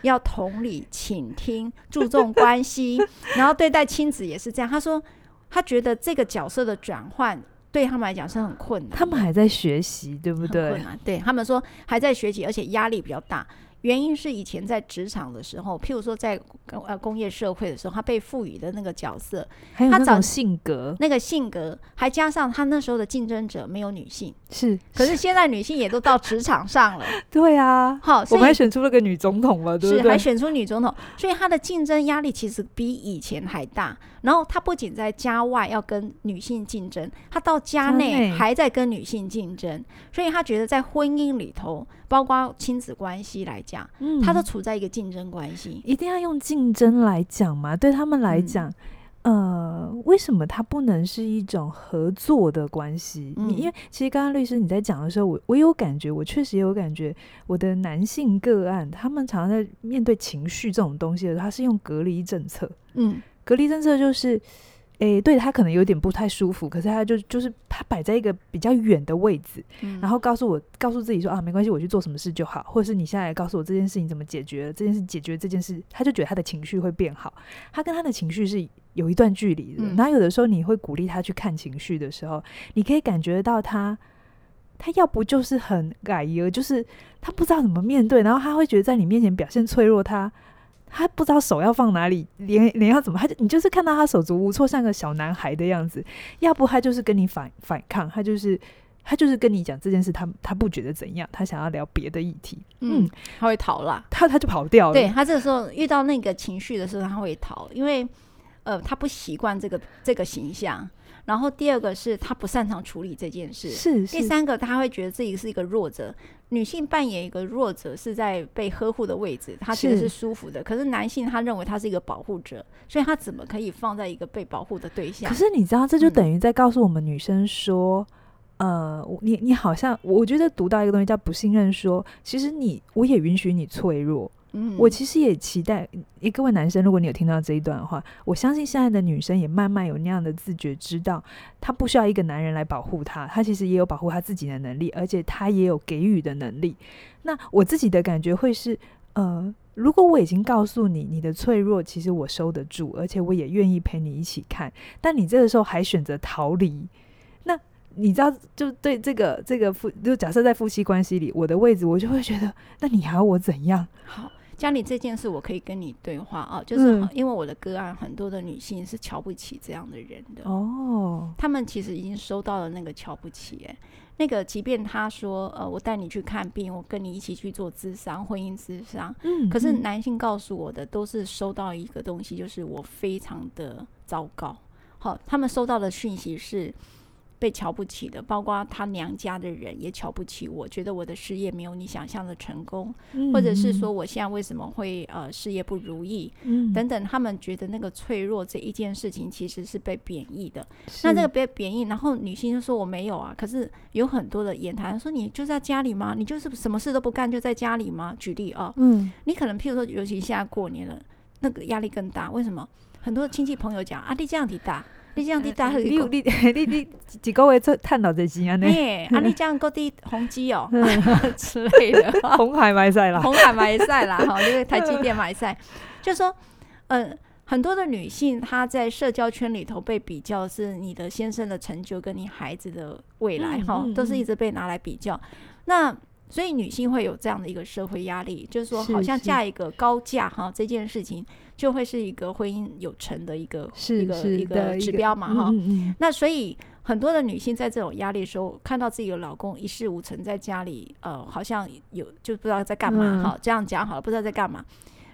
要同理、傾聽、注重關係， (laughs) 然後對待親子也是這樣。他說，他覺得這個角色的轉換對他們來講是很困難。他們還在學習，對不對？困難。對，他們說還在學習，而且壓力比較大。原因是以前在職場的時候，譬如說在呃工業社會的時候，他被賦予的那個角色，他長性格，那個性格，還加上他那時候的競爭者沒有女性，是。可是現在女性也都到職場上了， (laughs) 對啊，好，我們還選出了個女總統了，對不對？是，還選出女總統，所以他的競爭壓力其實比以前還大。然後他不僅在家外要跟女性競爭，他到家內還在跟女性競爭，所以他覺得在婚姻裡頭。包括親子關係來講，嗯，他都處在一個競爭關係，一定要用競爭來講嘛？對他們來講，嗯，呃，為什麼他不能是一種合作的關係？嗯，因為其實剛剛律師你在講的時候，我我有感覺，我確實也有感覺，我的男性個案，他們常常在面對情緒這種東西的時候，他是用隔離政策，嗯，隔離政策就是。誒、欸，對他可能有點不太舒服，可是他就就是他擺在一個比較遠的位置，嗯、然後告訴我，告訴自己說啊，沒關係，我去做什麼事就好，或者是你現在告訴我這件事情怎麼解決，這件事解決這件事，他就覺得他的情緒會變好。他跟他的情緒是有一段距離的，嗯，然後有的時候你會鼓勵他去看情緒的時候，你可以感覺到他，他要不就是很唉呦，就是他不知道怎麼面對，然後他會覺得在你面前表現脆弱，他。他不知道手要放哪裡，臉臉要怎麼？他就你就是看到他手足無措，像個小男孩的樣子。要不他就是跟你反反抗，他就是他就是跟你講這件事，他他不覺得怎樣，他想要聊別的議題。嗯，他、嗯、會逃了，他他就跑掉了。對，他這個時候遇到那個情緒的時候，他會逃，因為。呃，他不習慣這個這個形象，然後第二個是他不擅長處理這件事，第三個他會覺得自己是一個弱者。女性扮演一個弱者是在被呵護的位置，她其實是舒服的。可是男性他認為他是一個保護者，所以他怎麼可以放在一個被保護的對象？可是你知道，這就等於在告訴我們女生說，嗯、呃，你你好像，我覺得讀到一個東西叫不信任，說其實你我也允許你脆弱。我其實也期待，各位男生，如果你有聽到這一段的話，我相信現在的女生也慢慢有那樣的自覺，知道她不需要一個男人來保護她，她其實也有保護她自己的能力，而且她也有給予的能力。那我自己的感覺會是，呃，如果我已經告訴你你的脆弱，其實我收得住，而且我也願意陪你一起看，但你這個時候還選擇逃離，那你知道，就對這個這個夫，就假設在夫妻關係裡，我的位置我就會覺得，那你還要我怎樣？好。家裡這件事，我可以跟你對話啊，就是因為我的個案很多的女性是瞧不起這樣的人的哦，他們其實已經收到了那個瞧不起哎、欸，那個即便他說呃，我帶你去看病，我跟你一起去做諮商、婚姻諮商，可是男性告訴我的都是收到一個東西，就是我非常的糟糕，好，他們收到的訊息是。被瞧不起的，包括他娘家的人也瞧不起我，覺得我的事業沒有你想象的成功，嗯、或者是說我現在為什麼會呃事業不如意，嗯、等等，他們覺得那個脆弱這一件事情其實是被貶義的。那這個被貶義，然後女性就說我沒有啊，可是有很多的言談說你就在家裡嗎？你就是什麼事都不幹就在家裡嗎？舉例啊，嗯，你可能譬如說，尤其現在過年了，那個壓力更大。為什麼？很多親戚朋友講阿弟、啊、這樣子大。你這樣子打去，你你你你，你，一,一個會出探討這些、欸、啊你、喔？你、嗯、啊，你講各地宏碁哦之類的，鴻海買晒了，鴻海買了哈，因為、 (laughs) 這個、台積電、嗯、就說，嗯、呃，很多的女性她在社交圈裡頭被比較，是你的先生的成就跟你孩子的未來哈、嗯嗯，都是一直被拿來比較。那所以女性會有這樣的一個社會壓力，就是說，好像嫁一個高價哈這件事情。就會是一個婚姻有成的一個一個一個指標嘛哈，那所以很多的女性在這種壓力的時候，嗯嗯，看到自己的老公一事無成，在家裡呃好像有就不知道在幹嘛哈、嗯，這樣講好了，不知道在幹嘛，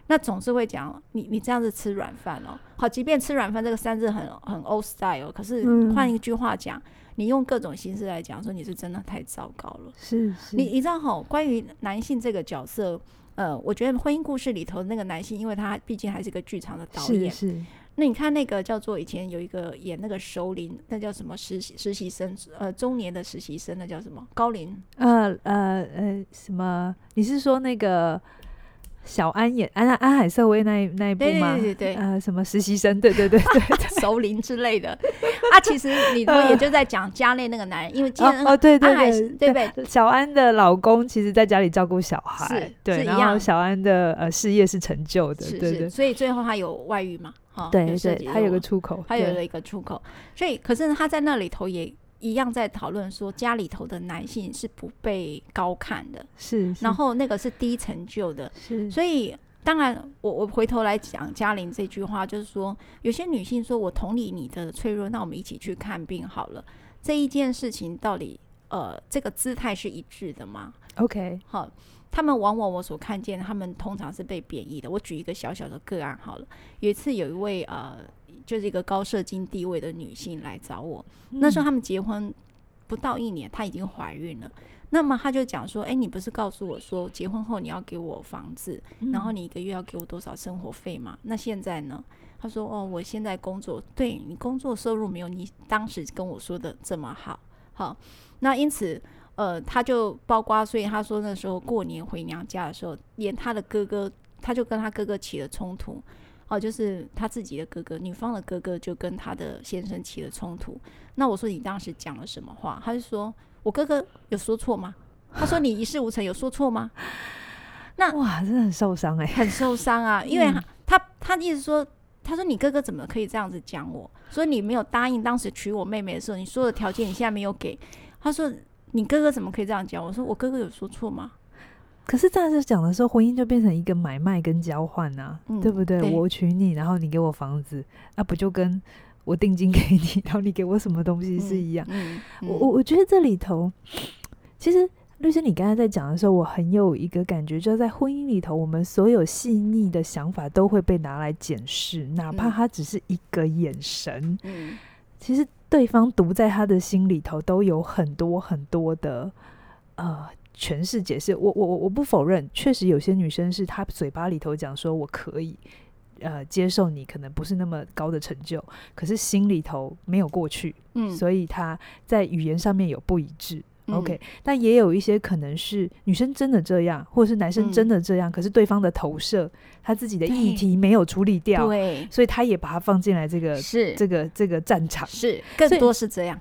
那總是會講，你你這樣子吃軟飯哦。好，即便吃軟飯這個三字很很 old style，可是換一句話講、嗯，你用各種形式來講說你是真的太糟糕了，是，是你你知道哈、哦，關於男性這個角色。呃，我覺得婚姻故事裡頭那個男性，因為他畢竟還是個劇場的導演。是，是。那你看那個叫做以前有一個演那個熟齡，那叫什麼實習實習生呃中年的實習生，那叫什麼高齡？呃呃呃，什麼？你是說那個？小安也，安安安海瑟薇那一那一部嗎？對對對對，呃，什麼實習生？對對對對，熟 (laughs) 齡之類的。他、 (laughs) 啊、其實你都也就在講家內那個男人，因為今天哦哦對對對對，不對，對，小安的老公其實，在家裡照顧小孩，是，對，然後小安的呃事業是成就的，是，是對，對是是。所以最後他有外遇嘛？哦，對對，他有，他有個出口，他有了一個出口，所以可是他在那裡頭也。一樣在討論說家裡頭的男性是不被高看的，是,是，然後那個是低成就的，是,是。所以當然我，我我回頭來講嘉玲這句話，就是說有些女性說我同理你的脆弱，那我們一起去看病好了。這一件事情到底呃這個姿態是一致的嗎？OK，好，他們往往我所看見，他們通常是被貶義的。我舉一個小小的個案好了，有一次有一位呃。就是一個高社經地位的女性來找我，那時候他們結婚不到一年，她已經懷孕了。那麼她就講說：“哎，你不是告訴我說結婚後你要給我房子，然後你一個月要給我多少生活費嗎？”那現在呢？她說：“哦，我現在工作，對你工作收入沒有你當時跟我說的這麼好。好，那因此，呃，她就包括。所以她說那時候過年回娘家的時候，連他的哥哥，他就跟他哥哥起了衝突。”就是他自己的哥哥，女方的哥哥就跟他的先生起了衝突。那我說，你當時講了什麼話？他就說，我哥哥有說錯嗎？ (laughs) 他說你一事無成有說錯嗎？ (laughs) 那哇，真的很受傷哎、欸，很受傷啊！因為他、 (laughs) 嗯、他他意思說，他說，你哥哥怎麼可以這樣子講我？所以你沒有答應當時娶我妹妹的時候你說的條件，你現在沒有給。他說，你哥哥怎麼可以這樣講？我說，我哥哥有說錯嗎？可是在這講的時候，婚姻，就變成一個買賣跟交換啊、嗯，對不對，對？我娶你，然後你給我房子，那、啊、不就跟我定金給你，然後你給我什麼東西是一樣？嗯嗯嗯、我我覺得這裡頭，其實律師，你剛才在講的時候，我很有一個感覺，就是在婚姻裡頭，我們所有細膩的想法都會被拿來檢視，哪怕他只是一個眼神、嗯。其實對方讀在他的心裡頭都有很多很多的呃。全是解釋，我我我我不否認，確實有些女生是她嘴巴裡頭講說我可以，呃，接受你可能不是那麼高的成就，可是心裡頭沒有過去，嗯，所以她在語言上面有不一致。嗯、OK，但也有一些可能是女生真的這樣，或者是男生真的這樣、嗯，可是對方的投射，他自己的議題沒有處理掉，對，所以他也把它放進來這個是這個這個戰場，是更多是這樣。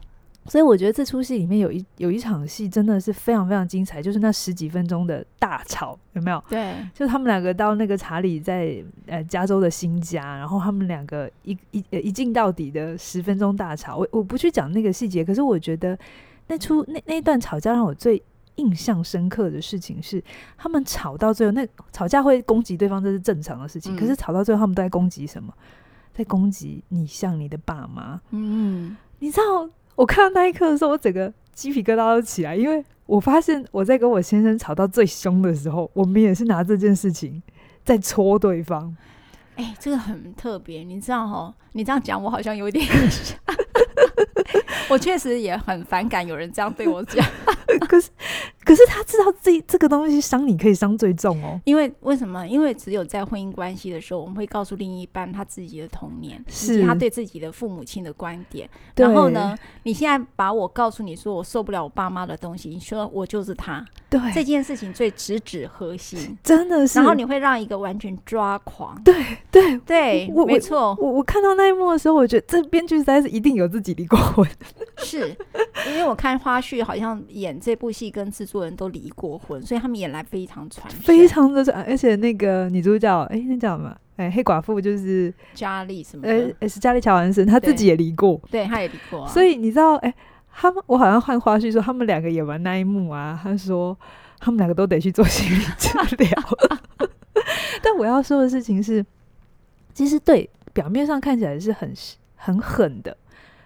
所以我覺得這出戲裡面有一有一場戲真的是非常非常精彩，就是那十幾分鐘的大吵，有沒有？對，就他們兩個到那個查理在呃加州的新家，然後他們兩個一一、呃、一鏡到底的十分鐘大吵。我我不去講那個細節，可是我覺得那出那那一段吵架讓我最印象深刻的事情是，他們吵到最後，那吵架會攻擊對方這是正常的事情、嗯，可是吵到最後他們都在攻擊什麼？在攻擊你像你的爸媽，嗯，你知道。我看到那一刻的時候，我整個雞皮疙瘩都起來，因為我發現我在跟我先生吵到最兇的時候，我們也是拿這件事情在戳對方。哎、欸，這個很特別，你知道哈？你這樣講，樣講我好像有點…… (laughs) (laughs) (laughs) 我確實也很反感有人這樣對我講 (laughs) 可是。 (laughs) 可是他知道這這個東西傷你可以傷最重哦，因為為什麼？因為只有在婚姻關係的時候，我們會告訴另一半他自己的童年，是以及他對自己的父母親的觀點，對。然後呢，你現在把我告訴你說我受不了我爸媽的東西，你說我就是他，對這件事情最直指核心，真的是。然後你會讓一個完全抓狂，對對對，沒錯，我我，我看到那一幕的時候，我覺得這編劇實在是一定有自己離過婚，是。因為我看花絮，好像演這部戲跟製作人都離過婚，所以他們演來非常傳，非常的傳。而且那個女主角，哎，那叫什麼？哎，黑寡婦就是佳麗什麼的？呃，是佳麗喬安森，她自己也離過，對，她也離過、啊。所以你知道，哎，他們，我好像看花絮說，他們兩個演完那一幕啊，他說他們兩個都得去做心理治療。 (laughs) (laughs) (laughs) 但我要說的事情是，其實對，表面上看起來是很很狠的、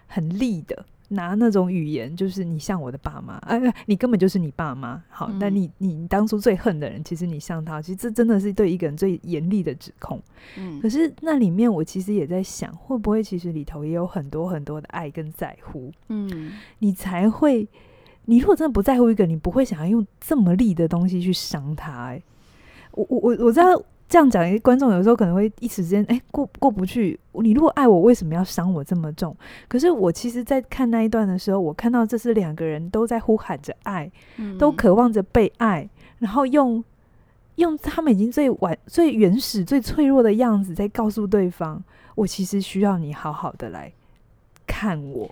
很厲的。拿那種語言，就是你像我的爸媽，哎、啊，你根本就是你爸媽。好，那、嗯、你你當初最恨的人，其實你像他，其實這真的是對一個人最嚴厲的指控、嗯。可是那裡面我其實也在想，會不會其實裡頭也有很多很多的愛跟在乎？嗯，你才會，你如果真的不在乎一個，你不會想要用這麼利的東西去傷他、欸。哎，我我我我知道。這樣講，觀眾有時候可能會一時間，哎、欸，過過不去。你如果愛我，為什麼要傷我這麼重？可是我其實，在看那一段的時候，我看到這是兩個人都在呼喊着愛、嗯，都渴望着被愛，然後用，用他們已經最完、最原始、最脆弱的樣子，在告訴對方，我其實需要你好好的來看我，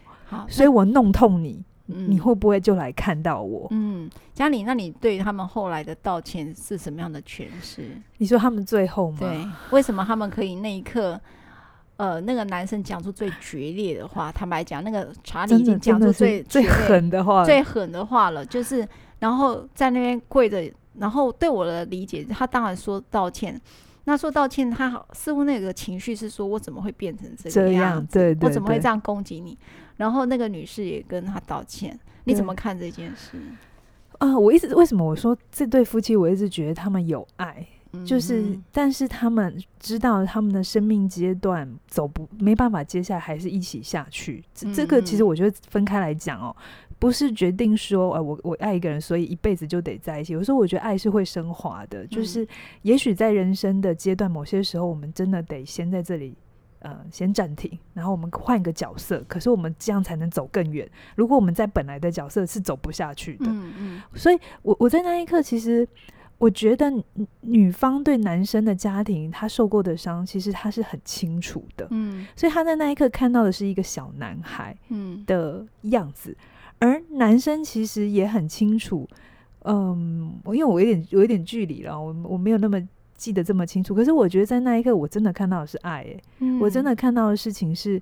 所以我弄痛你。你會不會就來看到我？嗯，嘉玲，那你對他們後來的道歉是什麼樣的詮釋？你說他們最後嗎？對，為什麼他們可以那一刻，呃，那個男生講出最決裂的話，坦白講，那個查理已經講出最最狠的話了，最狠的話了，就是然後在那邊跪着，然後對我的理解，他當然說道歉。那說道歉，他似乎那個情緒是說，我怎麼會變成這樣子，這樣？對，對，對，我怎麼會這樣攻擊你？然後那個女士也跟他道歉。你怎麼看這件事？啊、呃，我一直為什麼我說這對夫妻，我一直覺得他們有愛，嗯、就是但是他們知道他們的生命階段走不沒辦法，接下來還是一起下去。嗯、這這個其實我覺得分開來講哦。不是決定說，呃，我我愛一個人，所以一輩子就得在一起。有時候我覺得愛是會升華的，就是也許在人生的階段，某些時候我們真的得先在這裡，呃，先暫停，然後我們換個角色。可是我們這樣才能走更遠。如果我們在本來的角色是走不下去的，嗯，嗯。所以我，我我在那一刻，其實我覺得女方對男生的家庭，他受過的傷，其實他是很清楚的，嗯。所以他在那一刻看到的是一個小男孩的樣子。而男生其實也很清楚，嗯，我因為我有點有一點距離了，我我沒有那麼記得這麼清楚。可是我覺得在那一刻，我真的看到的是愛欸，嗯，我真的看到的事情是，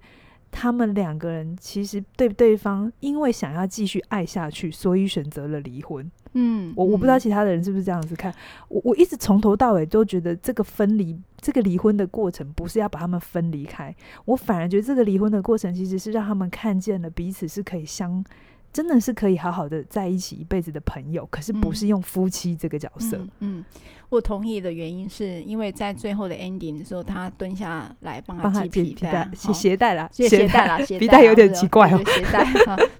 他們兩個人其實對對方，因為想要繼續愛下去，所以選擇了離婚。嗯，我我不知道其他的人是不是這樣子看，我我一直從頭到尾都覺得這個分離，這個離婚的過程不是要把他們分離開，我反而覺得這個離婚的過程其實是讓他們看見了彼此是可以相真的是可以好好的在一起一輩子的朋友，可是不是用夫妻這個角色。嗯，嗯，我同意的原因是因為在最後的 ending 的時候，他蹲下來幫他繫皮帶、繫鞋帶啦，繫鞋帶啦，啦，啦，皮帶有點奇怪哦，鞋帶、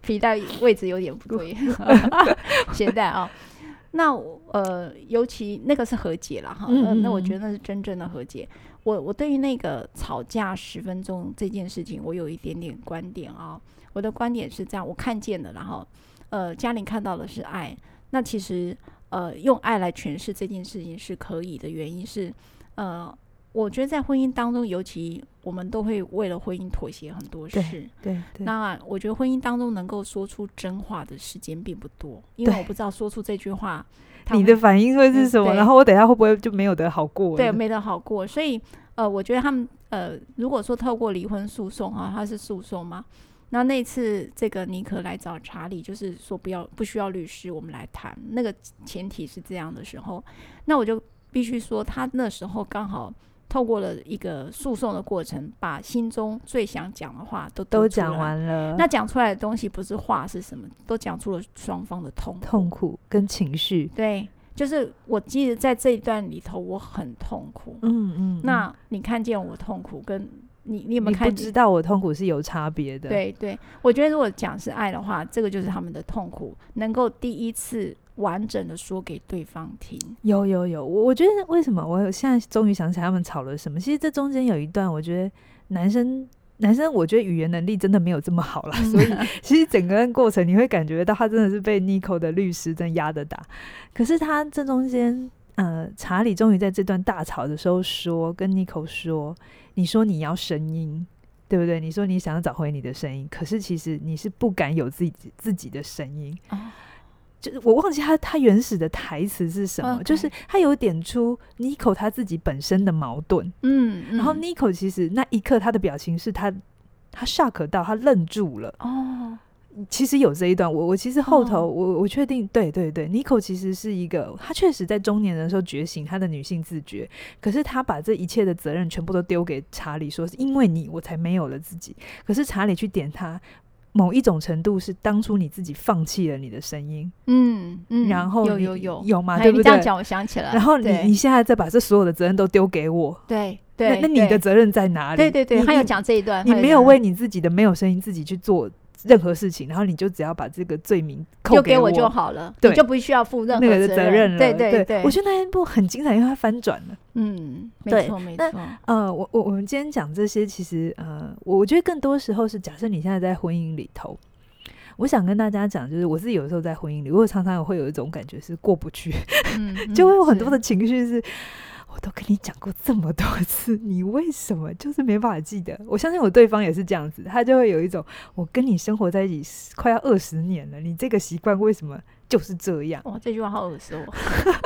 皮帶位置有點不對， (laughs) (laughs) 鞋帶啊。那呃，尤其那個是和解了哈、嗯嗯啊，那我覺得那是真正的和解。我我對於那個吵架十分鐘這件事情，我有一點點觀點啊。我的觀點是這樣，我看見了，然後呃，嘉玲看到的是愛。那其實呃，用愛來詮釋這件事情是可以的，原因是呃，我覺得在婚姻當中，尤其我們都會為了婚姻妥協很多事。對對，對。那我覺得婚姻當中能夠說出真話的時間並不多，因為我不知道說出這句話。你的反應會是什麼？嗯、然後我等下會不會就沒有得好過？對，沒得好過。所以，呃，我覺得他們，呃，如果說透過離婚訴訟啊，他是訴訟嘛？那那次這個妮可來找查理，就是說不要不需要律師，我們來談。那個前提是這樣的時候，那我就必須說，他那時候剛好。透過了一個訴訟的過程，把心中最想講的話都都講完了。那講出來的東西不是話是什麼？都講出了雙方的痛苦、痛苦跟情緒。對，就是我記得在這一段裡頭，我很痛苦。嗯嗯。那你看見我痛苦，跟你你有沒有看見？你不知道我痛苦是有差別的。對對，我覺得如果講是愛的話，這個就是他們的痛苦，能夠第一次。完整的說給對方聽。有有有，我我覺得為什麼我現在終於想起他們吵了什麼？其實這中間有一段，我覺得男生男生，我覺得語言能力真的沒有這麼好了，嗯啊、所以其實整個過程你會感覺到他真的是被 Nico 的律師真壓着打。可是他這中間，呃，查理終於在這段大吵的時候說，跟 Nico 說：“你說你要聲音，對不對？你說你想要找回你的聲音，可是其實你是不敢有自己自己的聲音。啊”就是我忘記他他原始的台詞是什麼，okay. 就是他有點出妮可他自己本身的矛盾，嗯，嗯然後妮可其實那一刻他的表情是他他 shock 到他愣住了哦，其實有這一段我我其實後頭我、哦、我確定對對對妮可其實是一個他確實在中年的時候覺醒他的女性自覺，可是他把這一切的責任全部都丟給查理說是因為你我才沒有了自己，可是查理去點他。某一種程度是當初你自己放棄了你的聲音，嗯，嗯，然後有有有有嘛、哎？對不對？你這樣講，我想起來了。然後你你現在再把這所有的責任都丟給我，對對，那那你的責任在哪裡？對對對，他有講，講這一段，你沒有為你自己的沒有聲音自己去做。任何事情，然後你就只要把這個罪名扣給我，給我就好了。對，你就不需要負任何責任、那個、的責任了。對對對，對我覺得那一部很精彩，因為它翻轉了。嗯，對沒錯沒錯。呃，我我我們今天講這些，其實呃，我覺得更多時候是假設你現在在婚姻裡頭，我想跟大家講，就是我自己有時候在婚姻裡，我常常會有一種感覺是過不去，嗯嗯、 (laughs) 就會有很多的情緒是。是我都跟你講過這麼多次，你為什麼就是沒辦法記得？我相信我對方也是這樣子，他就會有一種，我跟你生活在一起快要二十年了，你這個習慣為什麼就是這樣？哇，這句話好惡心我！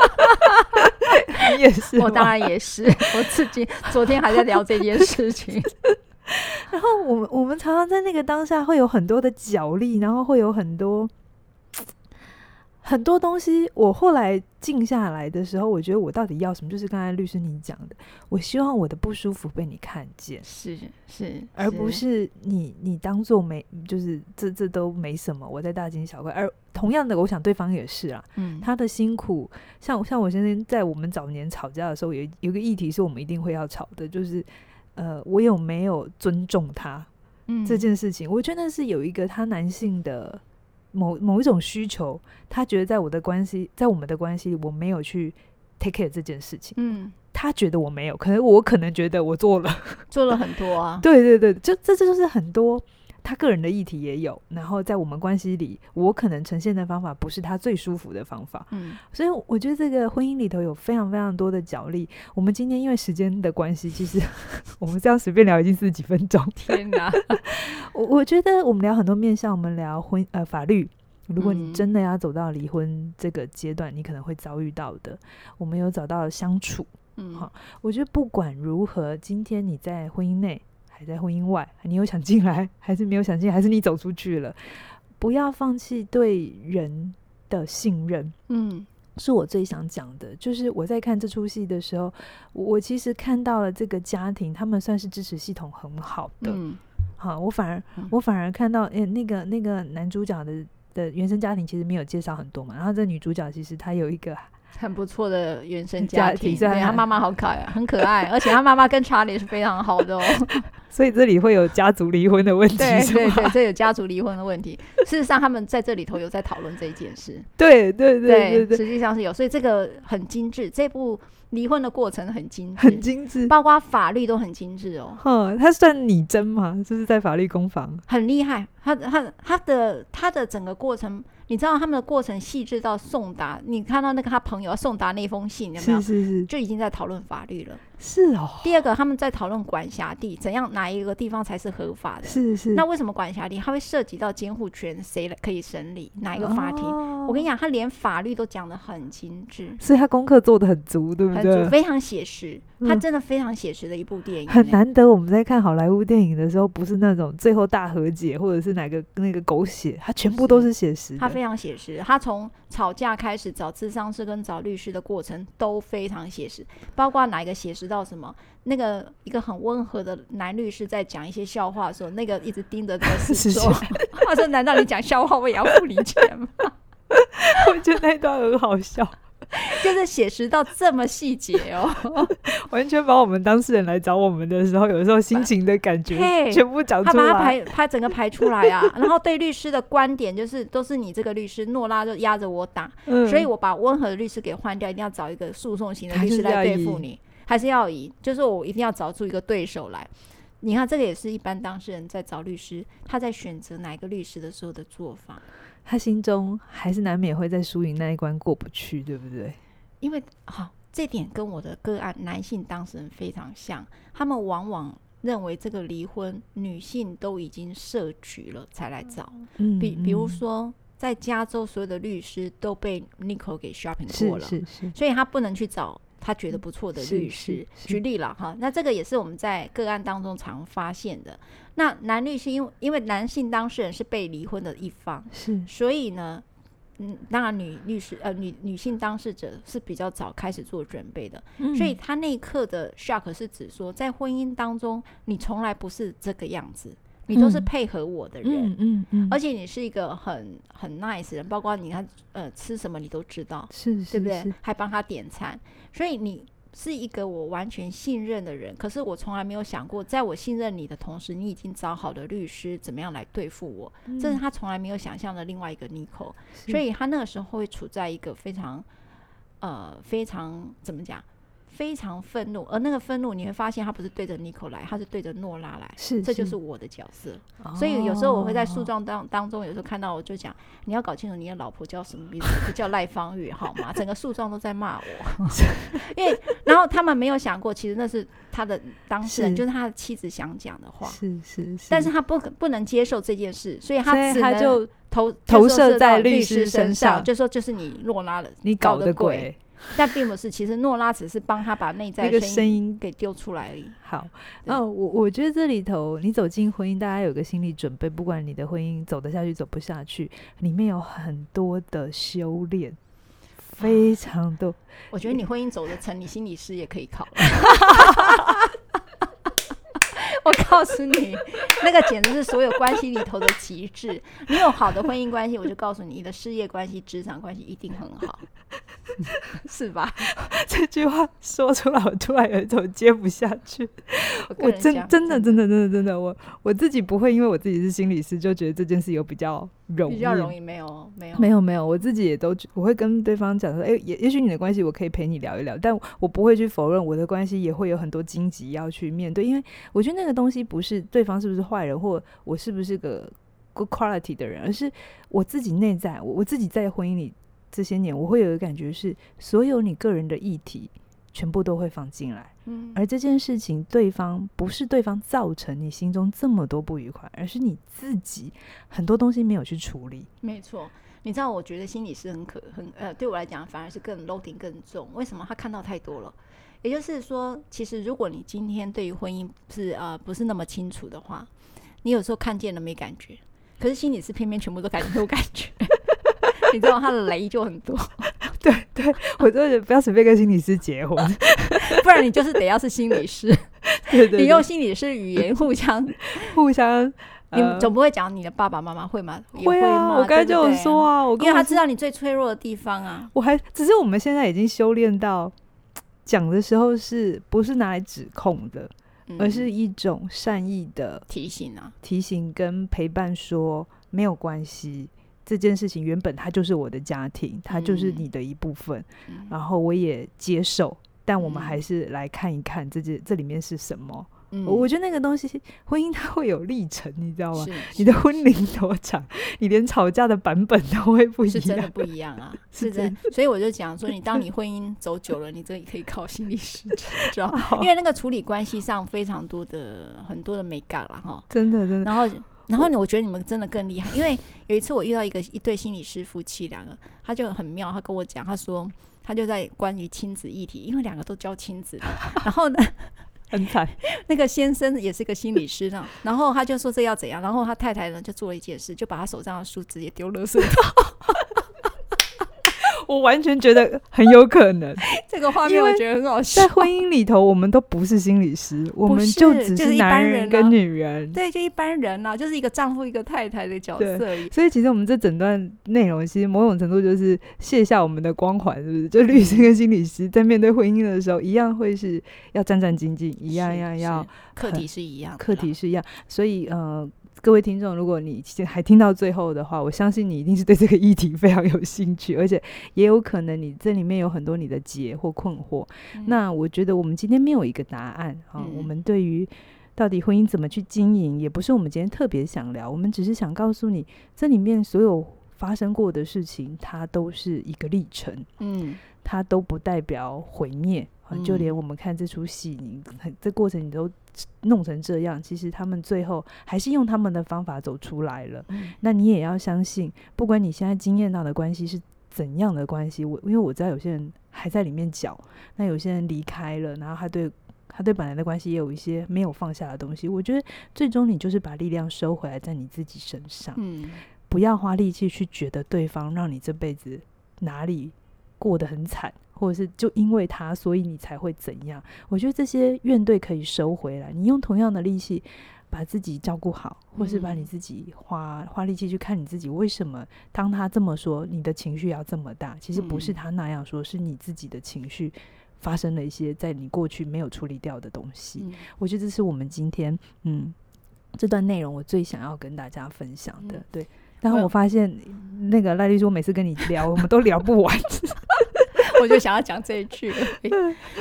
(laughs) (laughs) 你也是，我當然也是，我自己昨天還在聊這件事情。 (laughs) 然後我們我們常常在那個當下會有很多的角力，然後會有很多。很多東西，我後來靜下來的時候，我覺得我到底要什麼？就是剛才律師您講的，我希望我的不舒服被你看見，是是，是，而不是你你當做沒，就是這這都沒什麼，我在大驚小怪。而同樣的，我想對方也是啊，嗯，他的辛苦，像像我先生在我們早年吵架的時候，有有一個議題是我們一定會要吵的，就是呃，我有沒有尊重他，嗯，這件事情，我覺得那是有一個他男性的。某某一種需求，他覺得在我的關係，在我們的關係裡，我沒有去 take care 這件事情。嗯，他覺得我沒有，可能我可能覺得我做了，做了很多啊。 (laughs) 對對對，就這這就是很多。他個人的議題也有，然後在我們關係裡，我可能呈現的方法不是他最舒服的方法。嗯，所以我覺得這個婚姻裡頭有非常非常多的角力。我們今天因為時間的關係，其實我們這樣隨便聊已經是四十幾分鐘。天吶、啊， (laughs) 我我覺得我們聊很多面向，我們聊婚呃法律。如果你真的要走到離婚這個階段，你可能會遭遇到的。我們有找到相處，嗯，好，我覺得不管如何，今天你在婚姻內，還在婚姻外，你有想進來，還是沒有想進，還是你走出去了？不要放棄對人的信任，嗯，是我最想講的。就是我在看這出戲的時候，我其實看到了這個家庭，他們算是支持系統很好的。嗯、好，我反而我反而看到，誒、欸，那個那個男主角的的原生家庭其實沒有介紹很多嘛，然後這女主角其實她有一個。很不錯的原生家庭，家啊、對，他媽媽好可愛、啊，很可愛， (laughs) 而且他媽媽跟查理是非常好的哦， (laughs) 所以這裡會有家族離婚的問題，對，對對，這有家族離婚的問題， (laughs) 事實上他們在這裡頭有在討論這一件事，對對對對對，對，對，對，實際上是有，所以這個很精緻，這部。離婚的過程很精致，很精致，包括法律都很精致哦！哼、嗯，他算擬真嗎？就是在法律攻防，很厲害。他他他的他的整個過程，你知道他們的過程細致到送達，你看到那個他朋友要送達那封信，有沒有？是是是，就已經在討論法律了。是哦，第二個他們在討論管轄地，怎樣，哪一個地方才是合法的？是是。那為什麼管轄地它會涉及到監護權，誰來可以審理哪一個法庭？哦、我跟你講，他連法律都講得很精致，所以他功課做得很足，對不對？很足，非常寫實。嗯、他真的非常寫實的一部電影，很難得。我們在看好萊塢電影的時候，不是那種最後大和解，或者是哪個那個狗血，他全部都是寫實。是，他非常寫實，他從吵架開始找諮商師，跟找律師的過程都非常寫實，包括哪一個寫實到什麼，那個一個很溫和的男律師在講一些笑話的時候，說那個一直盯着這個事做，是是是是，他說：“難道你講笑話我也要付你錢嗎 (laughs) ？” (laughs) (laughs) 我覺得那段很好笑。就是寫實到這麼細節哦 (laughs) ，完全把我們當事人來找我們的時候，有時候心情的感覺全部找出來， (laughs) 他把他排他整個排出來啊。 (laughs) 然後對律師的觀點，就是都是你這個律師諾拉就壓着我打、嗯，所以我把溫和的律師給換掉，一定要找一個訴訟型的律師來對付你。還是要以，就是我一定要找出一個對手來。你看，這個也是一般當事人在找律師，他在選擇哪一個律師的時候的做法。他心中還是難免會在輸贏那一關過不去，對不對？因為，好、啊，這點跟我的個案男性當事人非常像，他們往往認為這個離婚女性都已經設局了才來找，嗯、比比如說在加州所有的律師都被 Nicole 給 shopping 過了，是是，是，所以他不能去找他覺得不錯的律師。嗯、是是是，舉例了哈，那這個也是我們在個案當中常發現的。那男律師因因為男性當事人是被離婚的一方，是，所以呢，嗯，那女律師呃女女性當事者是比較早開始做準備的、嗯，所以他那一刻的 shock 是指說，在婚姻當中，你從來不是這個樣子，你都是配合我的人，嗯嗯，而且你是一個很很 nice 的人，包括你看呃吃什麼你都知道，是，是，是，對不對？還幫他點餐，所以你。是一個我完全信任的人，可是我從來沒有想過，在我信任你的同時，你已經找好了律師，怎麼樣來對付我、嗯？這是他從來沒有想象的另外一個 Nicole，所以他那個時候會處在一個非常，呃，非常怎麼講？非常憤怒，而那個憤怒你會發現，他不是對着妮可來，他是對着諾拉來，是是。這就是我的角色。哦、所以有時候我會在訴狀當當中、哦，有時候看到我就講，你要搞清楚你的老婆叫什麼名字？ (laughs) 叫賴芳玉，好嗎？整個訴狀都在罵我， (laughs) 因為然後他們沒有想過，其實那是他的當事人，是就是他的妻子想講的話。是，是是是，但是他不不能接受這件事，所以他只能所以他就投射投射在律師身上，就是、說就是你諾拉了，你搞的鬼。鬼 (laughs) 但並不是，其實諾拉只是幫他把內在的聲音給丟出來了、那個。好，那、啊、我我覺得這裡頭，你走進婚姻，大家有個心理準備，不管你的婚姻走得下去走不下去，裡面有很多的修煉，非常多、啊。我覺得你婚姻走得成， (laughs) 你心理師也可以考。 (laughs) (laughs) 我告訴你，那個簡直是所有關係裡頭的極致。你有好的婚姻關係，我就告訴你，你的事業關係、職場關係一定很好， (laughs) 是吧？這句話說出來，我突然有一種接不下去。我，我真真的真的真的真的，我我自己不會，因為我自己是心理師，就覺得這件事情有比較。比較容易，沒有，沒有，沒有，沒有。我自己也都，我會跟對方講說，哎、欸，也也許你的關係，我可以陪你聊一聊，但我，我不會去否認我的關係也會有很多荊棘要去面對。因為我覺得那個東西不是對方是不是壞人，或我是不是個 good quality 的人，而是我自己內在。我，我自己在婚姻裡這些年，我會有一個感覺是，所有你個人的議題。全部都會放進來，而這件事情，對方不是對方造成你心中這麼多不愉快，而是你自己很多東西沒有去處理。沒錯，你知道，我覺得心理師很可很呃，對我來講反而是更 loading 更重。為什麼？他看到太多了。也就是說，其實如果你今天對於婚姻是呃不是那麼清楚的話，你有時候看見了沒感覺，可是心理師偏偏全部都感覺有感覺。 (laughs) (laughs) 你知道，他的雷就很多。對對，我覺得不要隨便跟心理師結婚， (laughs) 不然你就是得要是心理師 (laughs) 對對對，你用心理師語言互相 (laughs) 互相、呃，你總不會講你的爸爸媽媽會嗎？會啊，會我剛才就有說啊對對，我才，因為他知道你最脆弱的地方啊。我還只是我們現在已經修煉到講的時候是不是拿來指控的，而是一種善意的、嗯、提醒啊，提醒跟陪伴說沒有關係。這件事情原本它就是我的家庭，它就是你的一部分，嗯、然後我也接受、嗯。但我們還是來看一看這，這、嗯、這這裡面是什麼？嗯，我覺得那個東西，婚姻它會有歷程，你知道嗎？你的婚齡多長，你連吵架的版本都會不一樣，是真的不一樣啊！ (laughs) 是真的，是真的，所以我就講說，你當你婚姻走久了， (laughs) 你這裡可以靠心理師，知道嗎？因為那個處理關係上非常多的很多的美感了哈、哦，真的真的。然後。然後呢，我覺得你們真的更厲害，因為有一次我遇到一個一對心理師夫妻兩個，他就很妙，他跟我講，他說他就在關於親子議題，因為兩個都教親子的，然後呢， (laughs) 很慘， (laughs) 那個先生也是一個心理師呢， (laughs) 然後他就說這要怎樣，然後他太太呢就做了一件事，就把他手上的書直接丟垃圾桶。 (laughs) (laughs) 我完全覺得很有可能， (laughs) 這個畫面我覺得很好笑。在婚姻裡頭，我們都不是心理師，我們就只是男人跟女人，就是一般人啊，跟女人，對，就一般人吶、啊，就是一個丈夫一個太太的角色，所以，其實我們這整段內容，其實某種程度就是卸下我們的光環，是不是？就律師跟心理師在面對婚姻的時候，一樣會是要戰戰兢兢，一樣一樣要課題是一樣，課題是一樣，所以呃。各位聽眾，如果你還聽到最後的話，我相信你一定是對這個議題非常有興趣，而且也有可能你這裡面有很多你的結或困惑、嗯。那我覺得我們今天沒有一個答案、嗯、啊。我們對於到底婚姻怎麼去經營，也不是我們今天特別想聊。我們只是想告訴你，這裡面所有發生過的事情，它都是一個歷程。嗯，它都不代表毀滅。啊嗯、就連我們看這出戲，你很這過程你都。弄成這樣，其實他們最後還是用他們的方法走出來了。嗯、那你也要相信，不管你現在經驗到的關係是怎樣的關係，我因為我知道有些人還在裡面攪，那有些人離開了，然後他對他對本來的關係也有一些沒有放下的東西。我覺得最終你就是把力量收回來在你自己身上，嗯、不要花力氣去覺得對方讓你這輩子哪裡過得很慘。或者是就因為他，所以你才會怎樣？我覺得這些怨懟可以收回來，你用同樣的力氣把自己照顧好，或是把你自己花花力氣去看你自己，為什麼當他這麼說，你的情緒要這麼大？其實不是他那樣說，是你自己的情緒發生了一些在你過去沒有處理掉的東西。嗯、我覺得這是我們今天嗯這段內容我最想要跟大家分享的。嗯、對，然後我發現我那個賴律師我每次跟你聊，我們都聊不完。 (laughs) (laughs) 我就想要講這一句，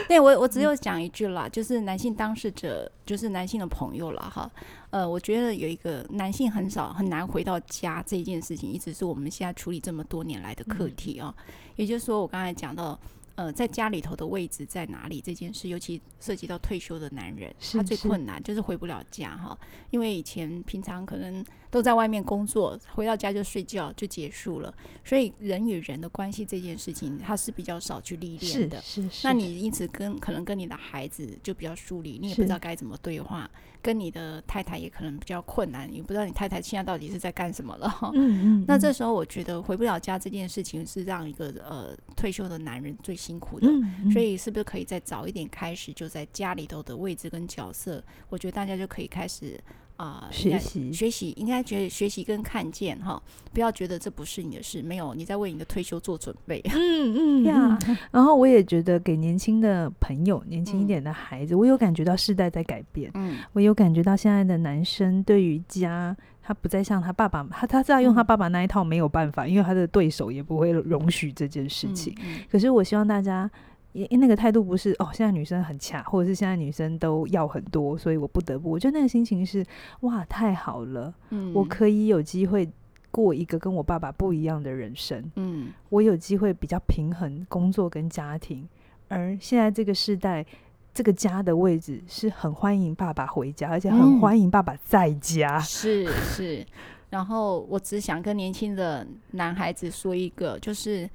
對，我我只有講一句啦，就是男性當事者，就是男性的朋友了哈。呃，我覺得有一個男性很少很難回到家這一件事情，一直是我們現在處理這麼多年來的課題啊。也就是說，我剛才講到。呃，在家裡頭的位置在哪裡這件事，尤其涉及到退休的男人，是是他最困難就是回不了家哈。是是因為以前平常可能都在外面工作，回到家就睡覺就結束了，所以人與人的關係這件事情，他是比較少去歷練的。是，是，是那你因此跟可能跟你的孩子就比較疏離，你也不知道該怎麼對話。是是嗯跟你的太太也可能比較困難，也不知道你太太現在到底是在幹什麼了。嗯嗯嗯。那這時候我覺得回不了家這件事情是讓一個呃退休的男人最辛苦的。嗯嗯嗯。所以是不是可以再早一點開始，就在家裡頭的位置跟角色，我覺得大家就可以開始。啊、呃，學習學習，應該覺得學習跟看見哈，不要覺得這不是你的事，沒有，你在為你的退休做準備。嗯嗯呀、 (laughs) 嗯，然後我也覺得給年輕的朋友，年輕一點的孩子、嗯，我有感覺到世代在改變。嗯，我有感覺到現在的男生對於家，他不再像他爸爸，他他在用他爸爸那一套沒有辦法、嗯，因為他的對手也不會容許這件事情。嗯嗯、可是我希望大家，因為那個態度不是哦，現在女生很強或者是現在女生都要很多，所以我不得不，我覺得那個心情是哇，太好了，嗯、我可以有機會過一個跟我爸爸不一樣的人生，嗯，我有機會比較平衡工作跟家庭，而現在這個世代，這個家的位置是很歡迎爸爸回家，而且很歡迎爸爸在家，嗯、 (laughs) 是是，然後我只想跟年輕的男孩子說一個，就是。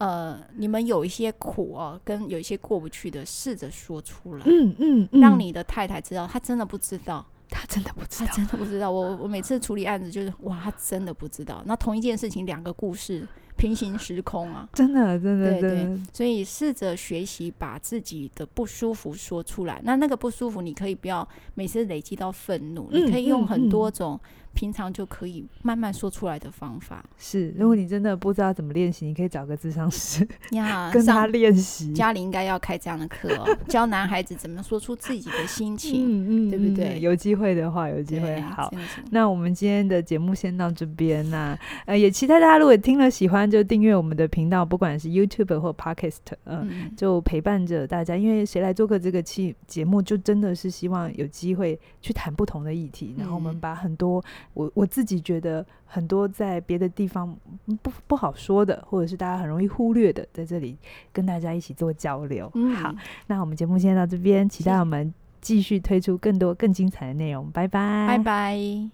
呃，你們有一些苦哦、啊，跟有一些過不去的，試着說出來，嗯嗯嗯。讓你的太太知道，她真的不知道，她真的不知道，她真的不知道。知道啊、我我每次處理案子，就是哇，她真的不知道。那、啊、同一件事情，兩個故事，平行時空啊，真、啊、的，真的、啊真的，啊真的啊，對對，的、啊的啊、對，對。所以試着學習把自己的不舒服說出來。那那個不舒服，你可以不要每次累積到憤怒，嗯、你可以用很多種。嗯嗯平常就可以慢慢說出來的方法是，如果你真的不知道怎麼練習，你可以找個諮商師，yeah, 跟他練習。家裡應該要開這樣的課、哦， (laughs) 教男孩子怎麼說出自己的心情， (laughs) 嗯，嗯嗯，對不對？有機會的話，有機會。好。那我們今天的節目先到這邊、啊，那呃，也期待大家如果聽了喜歡，就訂閱我們的頻道，不管是 YouTube 或 Podcast，嗯、呃、嗯，就陪伴着大家。因為誰來作客這個期節目，就真的是希望有機會去談不同的議題、嗯，然後我們把很多。我我自己覺得很多在別的地方不不,不好說的，或者是大家很容易忽略的，在這裡跟大家一起做交流。嗯。好，那我們節目先到這邊，期待我們繼續推出更多更精彩的內容。拜拜，拜拜。